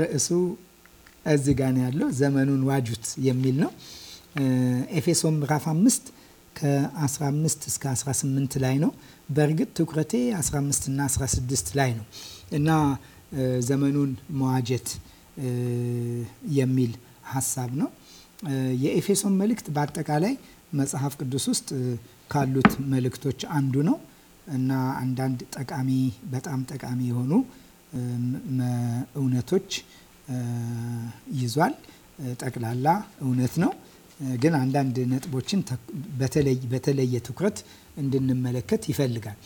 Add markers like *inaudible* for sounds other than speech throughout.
ርዕሱ እዚህ ጋር ነው ያለው። ዘመኑን ዋጁት የሚል ነው። ኤፌሶ ምዕራፍ 5 ከ15 እስከ 18 ላይ ነው። በእርግጥ ትኩረቴ 15 እና 16 ላይ ነው እና ዘመኑን መዋጀት የሚል ሀሳብ ነው። የኤፌሶን መልእክት በአጠቃላይ መጽሐፍ ቅዱስ ውስጥ ካሉት መልእክቶች አንዱ ነው እና አንዳንድ ጠቃሚ በጣም ጠቃሚ የሆኑ እውነቶች ይዟል። ጠቅላላ እውነት ነው፣ ግን አንዳንድ ነጥቦችን በተለየ ትኩረት እንድንመለከት ይፈልጋል።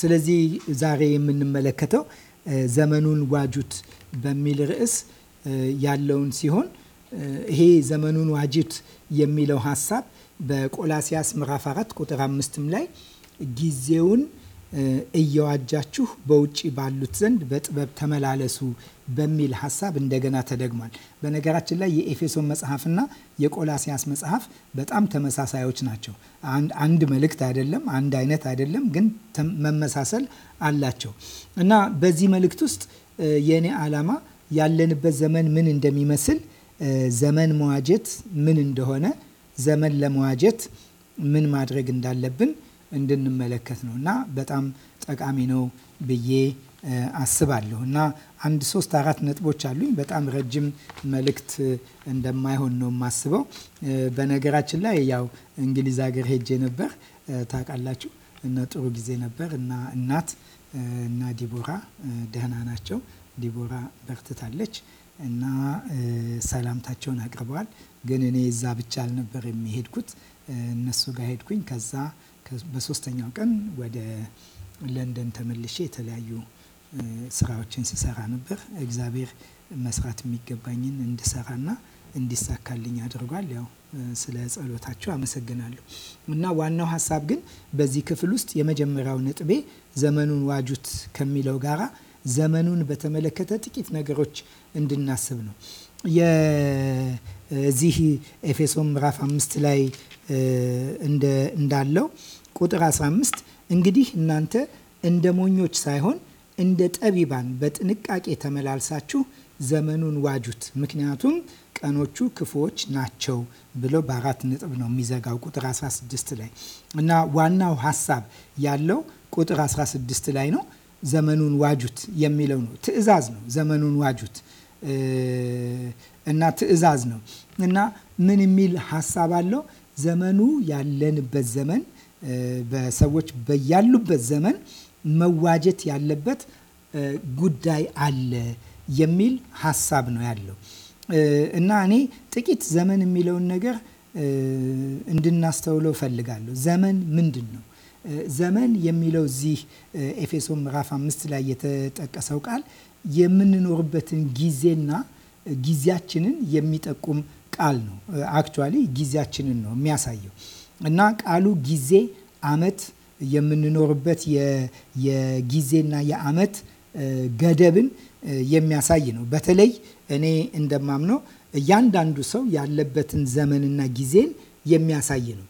ስለዚህ ዛሬ የምንመለከተው ዘመኑን ዋጁት በሚል ርዕስ ያለውን ሲሆን ይሄ ዘመኑን ዋጁት የሚለው ሀሳብ በቆላሲያስ ምዕራፍ 4 ቁጥር አምስትም ላይ ጊዜውን እየዋጃችሁ በውጭ ባሉት ዘንድ በጥበብ ተመላለሱ በሚል ሀሳብ እንደገና ተደግሟል። በነገራችን ላይ የኤፌሶን መጽሐፍና የቆላሲያስ መጽሐፍ በጣም ተመሳሳዮች ናቸው። አንድ መልእክት አይደለም፣ አንድ አይነት አይደለም፣ ግን መመሳሰል አላቸው እና በዚህ መልእክት ውስጥ የእኔ ዓላማ ያለንበት ዘመን ምን እንደሚመስል ዘመን መዋጀት ምን እንደሆነ ዘመን ለመዋጀት ምን ማድረግ እንዳለብን እንድንመለከት ነው እና በጣም ጠቃሚ ነው ብዬ አስባለሁ እና አንድ ሶስት አራት ነጥቦች አሉኝ። በጣም ረጅም መልእክት እንደማይሆን ነው የማስበው። በነገራችን ላይ ያው እንግሊዝ ሀገር ሄጄ ነበር ታውቃላችሁ እና ጥሩ ጊዜ ነበር እና እናት እና ዲቦራ ደህና ናቸው። ዲቦራ በርትታለች እና ሰላምታቸውን አቅርበዋል። ግን እኔ እዛ ብቻ አልነበር የሚሄድኩት እነሱ ጋር ሄድኩኝ ከዛ በሶስተኛው ቀን ወደ ለንደን ተመልሼ የተለያዩ ስራዎችን ስሰራ ነበር። እግዚአብሔር መስራት የሚገባኝን እንድሰራና እንዲሳካልኝ አድርጓል። ያው ስለ ጸሎታችሁ አመሰግናለሁ። እና ዋናው ሀሳብ ግን በዚህ ክፍል ውስጥ የመጀመሪያው ነጥቤ ዘመኑን ዋጁት ከሚለው ጋራ ዘመኑን በተመለከተ ጥቂት ነገሮች እንድናስብ ነው። የዚህ ኤፌሶን ምዕራፍ አምስት ላይ እንዳለው ቁጥር 15 እንግዲህ እናንተ እንደ ሞኞች ሳይሆን እንደ ጠቢባን በጥንቃቄ ተመላልሳችሁ ዘመኑን ዋጁት፣ ምክንያቱም ቀኖቹ ክፉዎች ናቸው ብሎ በአራት ነጥብ ነው የሚዘጋው ቁጥር 16 ላይ እና ዋናው ሀሳብ ያለው ቁጥር 16 ላይ ነው። ዘመኑን ዋጁት የሚለው ነው። ትዕዛዝ ነው። ዘመኑን ዋጁት እና ትዕዛዝ ነው እና ምን የሚል ሀሳብ አለው? ዘመኑ ያለንበት ዘመን በሰዎች በያሉበት ዘመን መዋጀት ያለበት ጉዳይ አለ የሚል ሀሳብ ነው ያለው እና እኔ ጥቂት ዘመን የሚለውን ነገር እንድናስተውለው እፈልጋለሁ። ዘመን ምንድን ነው? ዘመን የሚለው እዚህ ኤፌሶ ምዕራፍ አምስት ላይ የተጠቀሰው ቃል የምንኖርበትን ጊዜና ጊዜያችንን የሚጠቁም ቃል ነው። አክቹዋሊ ጊዜያችንን ነው የሚያሳየው እና ቃሉ ጊዜ አመት የምንኖርበት የጊዜና የአመት ገደብን የሚያሳይ ነው። በተለይ እኔ እንደማምነው እያንዳንዱ ሰው ያለበትን ዘመንና ጊዜን የሚያሳይ ነው።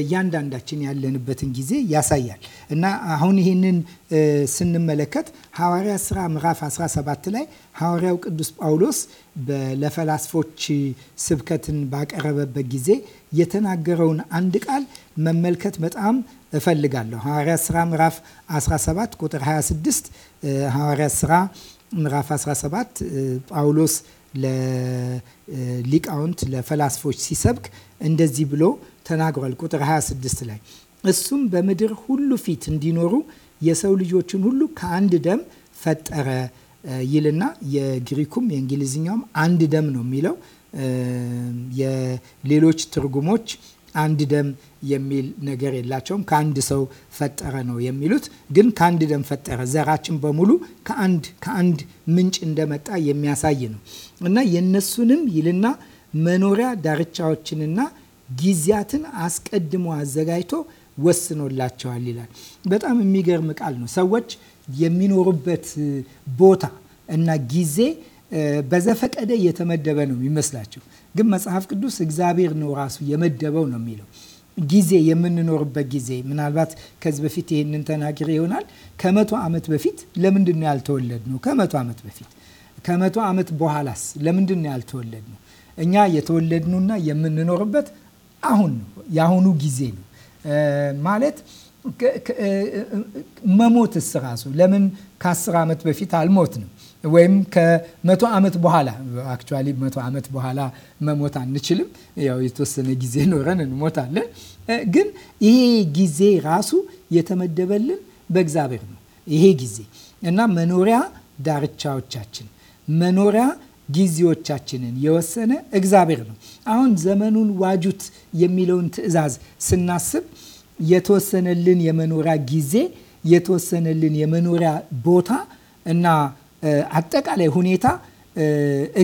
እያንዳንዳችን ያለንበትን ጊዜ ያሳያል እና አሁን ይህንን ስንመለከት ሐዋርያ ሥራ ምዕራፍ 17 ላይ ሐዋርያው ቅዱስ ጳውሎስ ለፈላስፎች ስብከትን ባቀረበበት ጊዜ የተናገረውን አንድ ቃል መመልከት በጣም እፈልጋለሁ። ሐዋርያ ሥራ ምዕራፍ 17 ቁጥር 26 ሐዋርያ ሥራ ምዕራፍ 17 ጳውሎስ ለሊቃውንት ለፈላስፎች ሲሰብክ እንደዚህ ብሎ ተናግሯል። ቁጥር 26 ላይ እሱም በምድር ሁሉ ፊት እንዲኖሩ የሰው ልጆችን ሁሉ ከአንድ ደም ፈጠረ ይልና የግሪኩም የእንግሊዝኛውም አንድ ደም ነው የሚለው። የሌሎች ትርጉሞች አንድ ደም የሚል ነገር የላቸውም። ከአንድ ሰው ፈጠረ ነው የሚሉት። ግን ከአንድ ደም ፈጠረ ዘራችን በሙሉ ከአንድ ከአንድ ምንጭ እንደመጣ የሚያሳይ ነው እና የነሱንም ይልና መኖሪያ ዳርቻዎችንና ጊዜያትን አስቀድሞ አዘጋጅቶ ወስኖላቸዋል ይላል። በጣም የሚገርም ቃል ነው። ሰዎች የሚኖሩበት ቦታ እና ጊዜ በዘፈቀደ የተመደበ ነው የሚመስላቸው፣ ግን መጽሐፍ ቅዱስ እግዚአብሔር ነው ራሱ የመደበው ነው የሚለው ጊዜ የምንኖርበት ጊዜ ምናልባት ከዚህ በፊት ይህንን ተናግሬ ይሆናል። ከመቶ ዓመት በፊት ለምንድን ነው ያልተወለድ ነው? ከመቶ ዓመት በፊት ከመቶ ዓመት በኋላስ ለምንድን ነው ያልተወለድ ነው? እኛ የተወለድነውና የምንኖርበት አሁን ነው፣ የአሁኑ ጊዜ ነው ማለት መሞትስ ራሱ ለምን ከአስር ዓመት በፊት አልሞት ነው ወይም ከመቶ ዓመት በኋላ አክቹዋሊ መቶ ዓመት በኋላ መሞት አንችልም። ያው የተወሰነ ጊዜ ኖረን እንሞታለን። ግን ይሄ ጊዜ ራሱ የተመደበልን በእግዚአብሔር ነው። ይሄ ጊዜ እና መኖሪያ ዳርቻዎቻችን መኖሪያ ጊዜዎቻችንን የወሰነ እግዚአብሔር ነው። አሁን ዘመኑን ዋጁት የሚለውን ትዕዛዝ ስናስብ የተወሰነልን የመኖሪያ ጊዜ፣ የተወሰነልን የመኖሪያ ቦታ እና አጠቃላይ ሁኔታ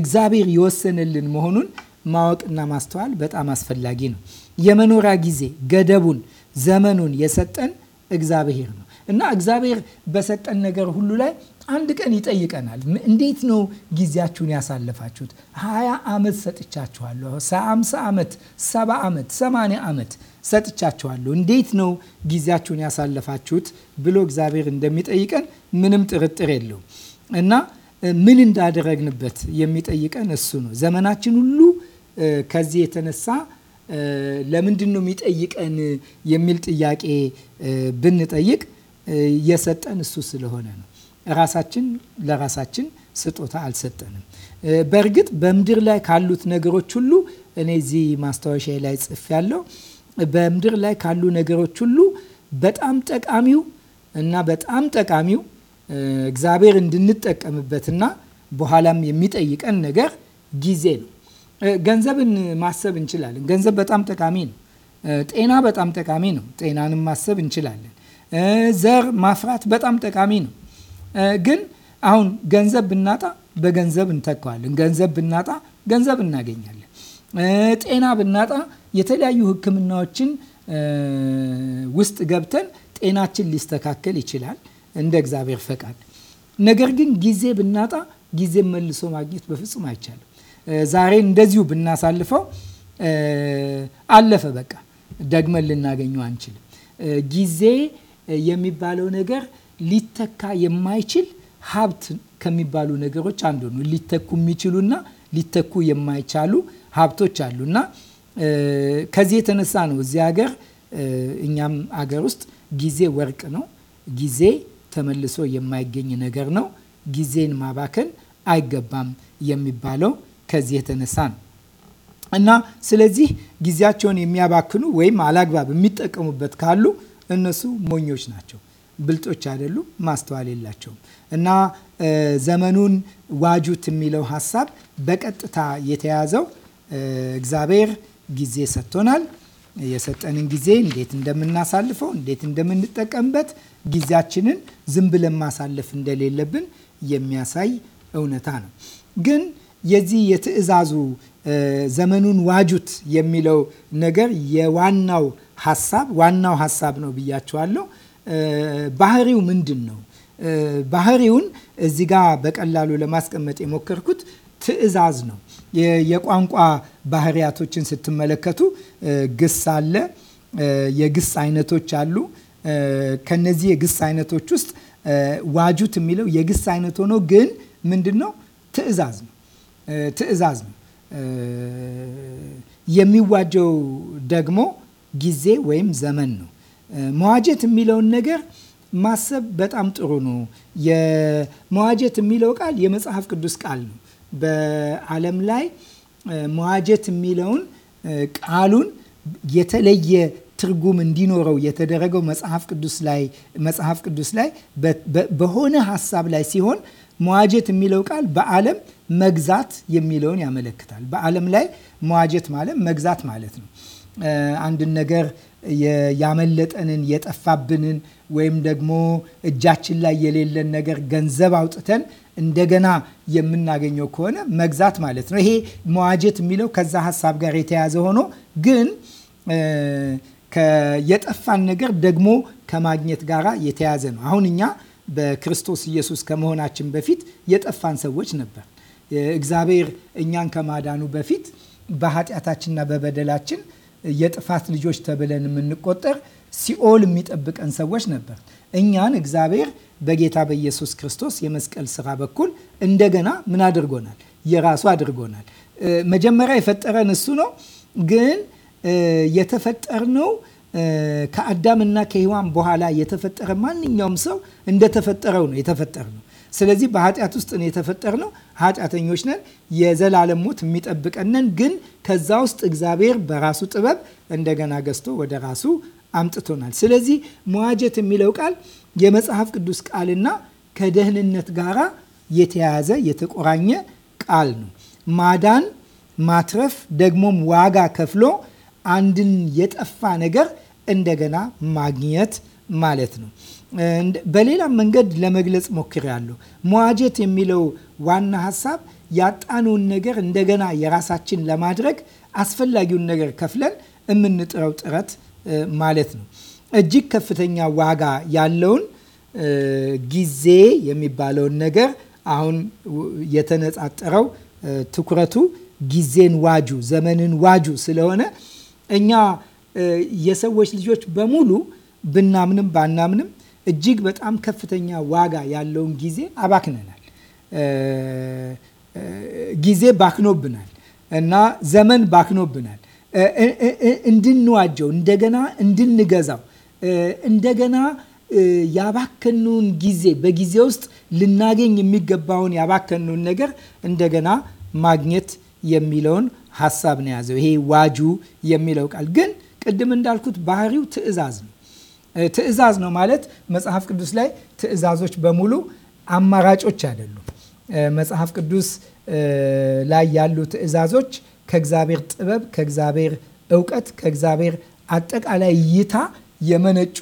እግዚአብሔር የወሰነልን መሆኑን ማወቅና ማስተዋል በጣም አስፈላጊ ነው። የመኖሪያ ጊዜ ገደቡን ዘመኑን የሰጠን እግዚአብሔር ነው እና እግዚአብሔር በሰጠን ነገር ሁሉ ላይ አንድ ቀን ይጠይቀናል። እንዴት ነው ጊዜያችሁን ያሳለፋችሁት? ሀያ ዓመት ሰጥቻችኋለሁ፣ ሃምሳ ዓመት፣ ሰባ ዓመት፣ ሰማንያ ዓመት ሰጥቻችኋለሁ። እንዴት ነው ጊዜያችሁን ያሳለፋችሁት ብሎ እግዚአብሔር እንደሚጠይቀን ምንም ጥርጥር የለውም እና ምን እንዳደረግንበት የሚጠይቀን እሱ ነው። ዘመናችን ሁሉ ከዚህ የተነሳ ለምንድን ነው የሚጠይቀን የሚል ጥያቄ ብንጠይቅ የሰጠን እሱ ስለሆነ ነው። ራሳችን ለራሳችን ስጦታ አልሰጠንም። በእርግጥ በምድር ላይ ካሉት ነገሮች ሁሉ እኔ እዚህ ማስታወሻ ላይ ጽፍ ያለው በምድር ላይ ካሉ ነገሮች ሁሉ በጣም ጠቃሚው እና በጣም ጠቃሚው እግዚአብሔር እንድንጠቀምበትና በኋላም የሚጠይቀን ነገር ጊዜ ነው። ገንዘብን ማሰብ እንችላለን። ገንዘብ በጣም ጠቃሚ ነው። ጤና በጣም ጠቃሚ ነው። ጤናንም ማሰብ እንችላለን። ዘር ማፍራት በጣም ጠቃሚ ነው። ግን አሁን ገንዘብ ብናጣ በገንዘብ እንተካዋለን። ገንዘብ ብናጣ ገንዘብ እናገኛለን። ጤና ብናጣ የተለያዩ ሕክምናዎችን ውስጥ ገብተን ጤናችን ሊስተካከል ይችላል እንደ እግዚአብሔር ፈቃድ። ነገር ግን ጊዜ ብናጣ ጊዜ መልሶ ማግኘት በፍጹም አይቻልም። ዛሬ እንደዚሁ ብናሳልፈው አለፈ፣ በቃ ደግመን ልናገኘው አንችልም። ጊዜ የሚባለው ነገር ሊተካ የማይችል ሀብት ከሚባሉ ነገሮች አንዱ ነው። ሊተኩ የሚችሉና ሊተኩ የማይቻሉ ሀብቶች አሉ እና ከዚህ የተነሳ ነው እዚህ ሀገር እኛም አገር ውስጥ ጊዜ ወርቅ ነው። ጊዜ ተመልሶ የማይገኝ ነገር ነው። ጊዜን ማባከን አይገባም የሚባለው ከዚህ የተነሳ ነው እና ስለዚህ ጊዜያቸውን የሚያባክኑ ወይም አላግባብ የሚጠቀሙበት ካሉ እነሱ ሞኞች ናቸው። ብልጦች አይደሉም፣ ማስተዋል የላቸውም። እና ዘመኑን ዋጁት የሚለው ሀሳብ በቀጥታ የተያዘው እግዚአብሔር ጊዜ ሰጥቶናል። የሰጠንን ጊዜ እንዴት እንደምናሳልፈው፣ እንዴት እንደምንጠቀምበት፣ ጊዜያችንን ዝም ብለን ማሳለፍ እንደሌለብን የሚያሳይ እውነታ ነው ግን የዚህ የትዕዛዙ ዘመኑን ዋጁት የሚለው ነገር የዋናው ሀሳብ ዋናው ሀሳብ ነው ብያቸዋለሁ። ባህሪው ምንድን ነው? ባህሪውን እዚ ጋ በቀላሉ ለማስቀመጥ የሞከርኩት ትዕዛዝ ነው። የቋንቋ ባህሪያቶችን ስትመለከቱ ግስ አለ፣ የግስ አይነቶች አሉ። ከነዚህ የግስ አይነቶች ውስጥ ዋጁት የሚለው የግስ አይነት ሆኖ ግን ምንድን ነው? ትእዛዝ ነው። ትእዛዝ ነው። የሚዋጀው ደግሞ ጊዜ ወይም ዘመን ነው። መዋጀት የሚለውን ነገር ማሰብ በጣም ጥሩ ነው። መዋጀት የሚለው ቃል የመጽሐፍ ቅዱስ ቃል ነው። በዓለም ላይ መዋጀት የሚለውን ቃሉን የተለየ ትርጉም እንዲኖረው የተደረገው መጽሐፍ ቅዱስ ላይ መጽሐፍ ቅዱስ ላይ በሆነ ሀሳብ ላይ ሲሆን መዋጀት የሚለው ቃል በዓለም መግዛት የሚለውን ያመለክታል። በዓለም ላይ መዋጀት ማለት መግዛት ማለት ነው። አንድን ነገር ያመለጠንን የጠፋብንን ወይም ደግሞ እጃችን ላይ የሌለን ነገር ገንዘብ አውጥተን እንደገና የምናገኘው ከሆነ መግዛት ማለት ነው። ይሄ መዋጀት የሚለው ከዛ ሀሳብ ጋር የተያዘ ሆኖ ግን የጠፋን ነገር ደግሞ ከማግኘት ጋር የተያዘ ነው። አሁን እኛ በክርስቶስ ኢየሱስ ከመሆናችን በፊት የጠፋን ሰዎች ነበር። እግዚአብሔር እኛን ከማዳኑ በፊት በኃጢአታችንና በበደላችን የጥፋት ልጆች ተብለን የምንቆጠር ሲኦል የሚጠብቀን ሰዎች ነበር። እኛን እግዚአብሔር በጌታ በኢየሱስ ክርስቶስ የመስቀል ስራ በኩል እንደገና ምን አድርጎናል? የራሱ አድርጎናል። መጀመሪያ የፈጠረን እሱ ነው። ግን የተፈጠርነው ከአዳምና ከሔዋን በኋላ የተፈጠረ ማንኛውም ሰው እንደተፈጠረው ነው የተፈጠርነው ስለዚህ በኃጢአት ውስጥ ነው የተፈጠርነው። ኃጢአተኞች ነን። የዘላለም ሞት የሚጠብቀንን ግን ከዛ ውስጥ እግዚአብሔር በራሱ ጥበብ እንደገና ገዝቶ ወደ ራሱ አምጥቶናል። ስለዚህ መዋጀት የሚለው ቃል የመጽሐፍ ቅዱስ ቃልና ከደህንነት ጋር የተያያዘ የተቆራኘ ቃል ነው። ማዳን፣ ማትረፍ ደግሞም ዋጋ ከፍሎ አንድን የጠፋ ነገር እንደገና ማግኘት ማለት ነው። በሌላም መንገድ ለመግለጽ ሞክሬያለሁ። መዋጀት የሚለው ዋና ሀሳብ ያጣነውን ነገር እንደገና የራሳችን ለማድረግ አስፈላጊውን ነገር ከፍለን የምንጥረው ጥረት ማለት ነው። እጅግ ከፍተኛ ዋጋ ያለውን ጊዜ የሚባለውን ነገር አሁን የተነጣጠረው ትኩረቱ ጊዜን ዋጁ፣ ዘመንን ዋጁ ስለሆነ እኛ የሰዎች ልጆች በሙሉ ብናምንም ባናምንም እጅግ በጣም ከፍተኛ ዋጋ ያለውን ጊዜ አባክነናል። ጊዜ ባክኖብናል እና ዘመን ባክኖብናል። እንድንዋጀው እንደገና እንድንገዛው እንደገና ያባከኑን ጊዜ በጊዜ ውስጥ ልናገኝ የሚገባውን ያባከኑን ነገር እንደገና ማግኘት የሚለውን ሀሳብ ነው የያዘው ይሄ ዋጁ የሚለው ቃል። ግን ቅድም እንዳልኩት ባህሪው ትዕዛዝ ነው። ትእዛዝ ነው ማለት መጽሐፍ ቅዱስ ላይ ትእዛዞች በሙሉ አማራጮች አይደሉም። መጽሐፍ ቅዱስ ላይ ያሉ ትእዛዞች ከእግዚአብሔር ጥበብ፣ ከእግዚአብሔር እውቀት፣ ከእግዚአብሔር አጠቃላይ እይታ የመነጩ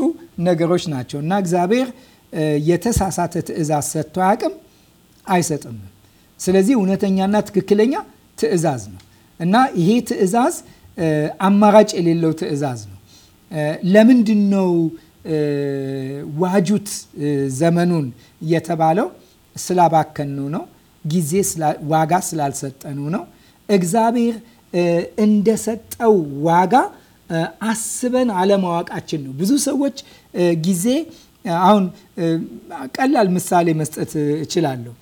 ነገሮች ናቸው እና እግዚአብሔር የተሳሳተ ትእዛዝ ሰጥቶ አያውቅም፣ አይሰጥም። ስለዚህ እውነተኛና ትክክለኛ ትእዛዝ ነው እና ይሄ ትእዛዝ አማራጭ የሌለው ትእዛዝ ነው። ለምንድን ነው ዋጁት ዘመኑን የተባለው ስላባከኑ ነው። ጊዜ ዋጋ ስላልሰጠኑ ነው። እግዚአብሔር እንደሰጠው ዋጋ አስበን አለማወቃችን ነው። ብዙ ሰዎች ጊዜ አሁን ቀላል ምሳሌ መስጠት እችላለሁ።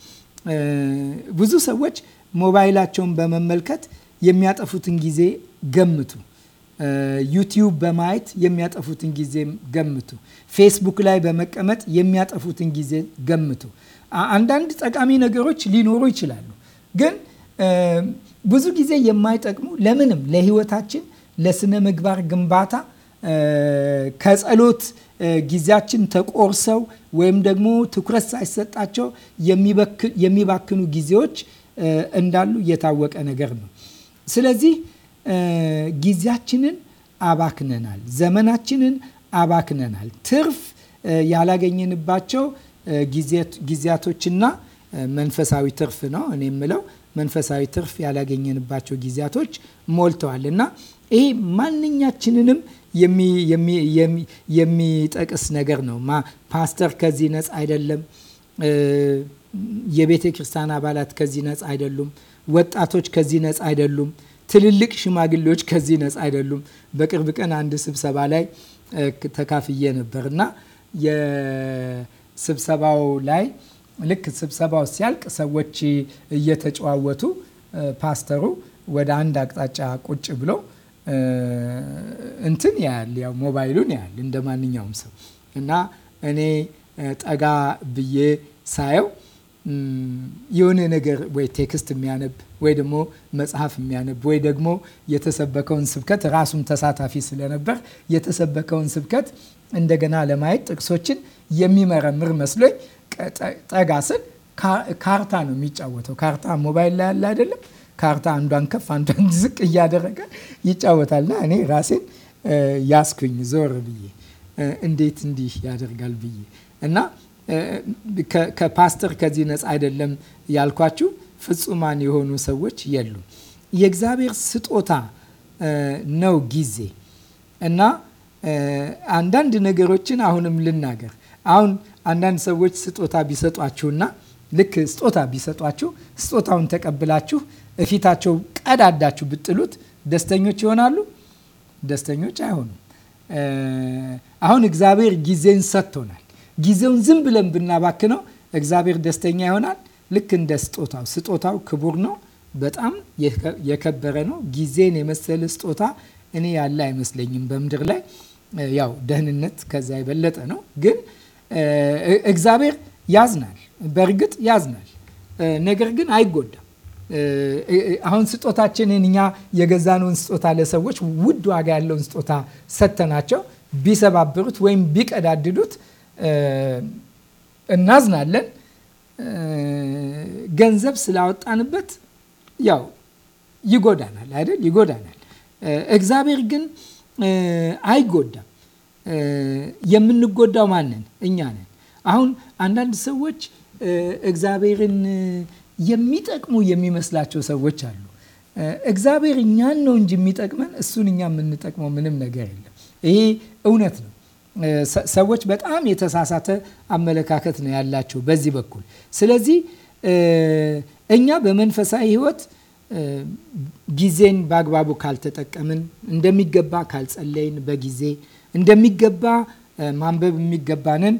ብዙ ሰዎች ሞባይላቸውን በመመልከት የሚያጠፉትን ጊዜ ገምቱ። ዩቲዩብ በማየት የሚያጠፉትን ጊዜ ገምቱ። ፌስቡክ ላይ በመቀመጥ የሚያጠፉትን ጊዜ ገምቱ። አንዳንድ ጠቃሚ ነገሮች ሊኖሩ ይችላሉ፣ ግን ብዙ ጊዜ የማይጠቅሙ ለምንም ለህይወታችን ለስነ ምግባር ግንባታ ከጸሎት ጊዜያችን ተቆርሰው ወይም ደግሞ ትኩረት ሳይሰጣቸው የሚባክኑ ጊዜዎች እንዳሉ የታወቀ ነገር ነው። ስለዚህ ጊዜያችንን አባክነናል፣ ዘመናችንን አባክነናል። ትርፍ ያላገኘንባቸው ጊዜያቶችና መንፈሳዊ ትርፍ ነው እኔ የምለው መንፈሳዊ ትርፍ ያላገኘንባቸው ጊዜያቶች ሞልተዋል እና ይሄ ማንኛችንንም የሚጠቅስ ነገር ነው። ፓስተር ከዚህ ነፃ አይደለም። የቤተ ክርስቲያን አባላት ከዚህ ነፃ አይደሉም። ወጣቶች ከዚህ ነፃ አይደሉም። ትልልቅ ሽማግሌዎች ከዚህ ነፃ አይደሉም። በቅርብ ቀን አንድ ስብሰባ ላይ ተካፍዬ ነበር እና የስብሰባው ላይ ልክ ስብሰባው ሲያልቅ ሰዎች እየተጨዋወቱ ፓስተሩ ወደ አንድ አቅጣጫ ቁጭ ብሎ እንትን ያህል ያው ሞባይሉን ያህል እንደ ማንኛውም ሰው እና እኔ ጠጋ ብዬ ሳየው የሆነ ነገር ወይ ቴክስት የሚያነብ ወይ ደግሞ መጽሐፍ የሚያነብ ወይ ደግሞ የተሰበከውን ስብከት ራሱም ተሳታፊ ስለነበር የተሰበከውን ስብከት እንደገና ለማየት ጥቅሶችን የሚመረምር መስሎኝ ጠጋ ስል ካርታ ነው የሚጫወተው። ካርታ ሞባይል ላይ ያለ አይደለም። ካርታ አንዷን ከፍ አንዷን ዝቅ እያደረገ ይጫወታልና እኔ ራሴን ያስኩኝ ዞር ብዬ እንዴት እንዲህ ያደርጋል ብዬ እና ከፓስተር ከዚህ ነፃ አይደለም ያልኳችሁ ፍጹማን የሆኑ ሰዎች የሉም። የእግዚአብሔር ስጦታ ነው ጊዜ እና አንዳንድ ነገሮችን አሁንም ልናገር። አሁን አንዳንድ ሰዎች ስጦታ ቢሰጧችሁና ልክ ስጦታ ቢሰጧችሁ ስጦታውን ተቀብላችሁ እፊታቸው ቀዳዳችሁ ብጥሉት ደስተኞች ይሆናሉ? ደስተኞች አይሆኑም። አሁን እግዚአብሔር ጊዜን ሰጥቶናል። ጊዜውን ዝም ብለን ብናባክነው እግዚአብሔር ደስተኛ ይሆናል። ልክ እንደ ስጦታው ስጦታው ክቡር ነው፣ በጣም የከበረ ነው። ጊዜን የመሰለ ስጦታ እኔ ያለ አይመስለኝም በምድር ላይ ያው ደህንነት ከዛ የበለጠ ነው። ግን እግዚአብሔር ያዝናል፣ በእርግጥ ያዝናል፣ ነገር ግን አይጎዳም። አሁን ስጦታችንን እኛ የገዛነውን ስጦታ ለሰዎች ውድ ዋጋ ያለውን ስጦታ ሰጥተናቸው ቢሰባብሩት ወይም ቢቀዳድዱት እናዝናለን። ገንዘብ ስላወጣንበት ያው ይጎዳናል አይደል? ይጎዳናል። እግዚአብሔር ግን አይጎዳም። የምንጎዳው ማንን? እኛ ነን። አሁን አንዳንድ ሰዎች እግዚአብሔርን የሚጠቅሙ የሚመስላቸው ሰዎች አሉ። እግዚአብሔር እኛን ነው እንጂ የሚጠቅመን እሱን እኛ የምንጠቅመው ምንም ነገር የለም። ይሄ እውነት ነው። ሰዎች በጣም የተሳሳተ አመለካከት ነው ያላቸው በዚህ በኩል። ስለዚህ እኛ በመንፈሳዊ ህይወት ጊዜን በአግባቡ ካልተጠቀምን፣ እንደሚገባ ካልጸለይን፣ በጊዜ እንደሚገባ ማንበብ የሚገባንን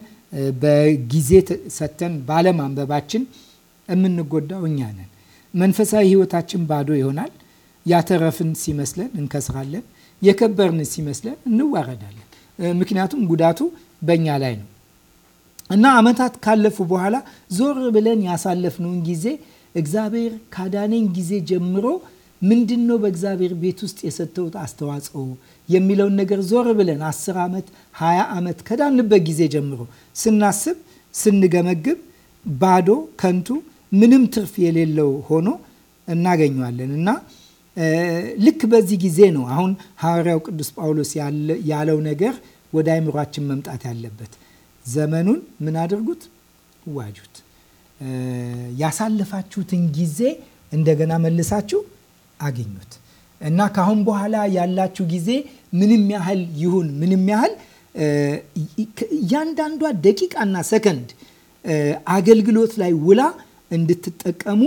በጊዜ ሰተን ባለማንበባችን የምንጎዳው እኛ ነን። መንፈሳዊ ህይወታችን ባዶ ይሆናል። ያተረፍን ሲመስለን እንከስራለን። የከበርን ሲመስለን እንዋረዳለን። ምክንያቱም ጉዳቱ በእኛ ላይ ነው እና ዓመታት ካለፉ በኋላ ዞር ብለን ያሳለፍነውን ጊዜ እግዚአብሔር ካዳነኝ ጊዜ ጀምሮ ምንድን ነው በእግዚአብሔር ቤት ውስጥ የሰጠሁት አስተዋጽኦ የሚለውን ነገር ዞር ብለን 10 ዓመት 20 ዓመት ከዳንበት ጊዜ ጀምሮ ስናስብ ስንገመግብ ባዶ ከንቱ ምንም ትርፍ የሌለው ሆኖ እናገኘዋለን እና ልክ በዚህ ጊዜ ነው አሁን ሐዋርያው ቅዱስ ጳውሎስ ያለው ነገር ወደ አይምሯችን መምጣት ያለበት። ዘመኑን ምን አድርጉት? ዋጁት። ያሳለፋችሁትን ጊዜ እንደገና መልሳችሁ አግኙት እና ካሁን በኋላ ያላችሁ ጊዜ ምንም ያህል ይሁን ምንም ያህል እያንዳንዷ ደቂቃና ሰከንድ አገልግሎት ላይ ውላ እንድትጠቀሙ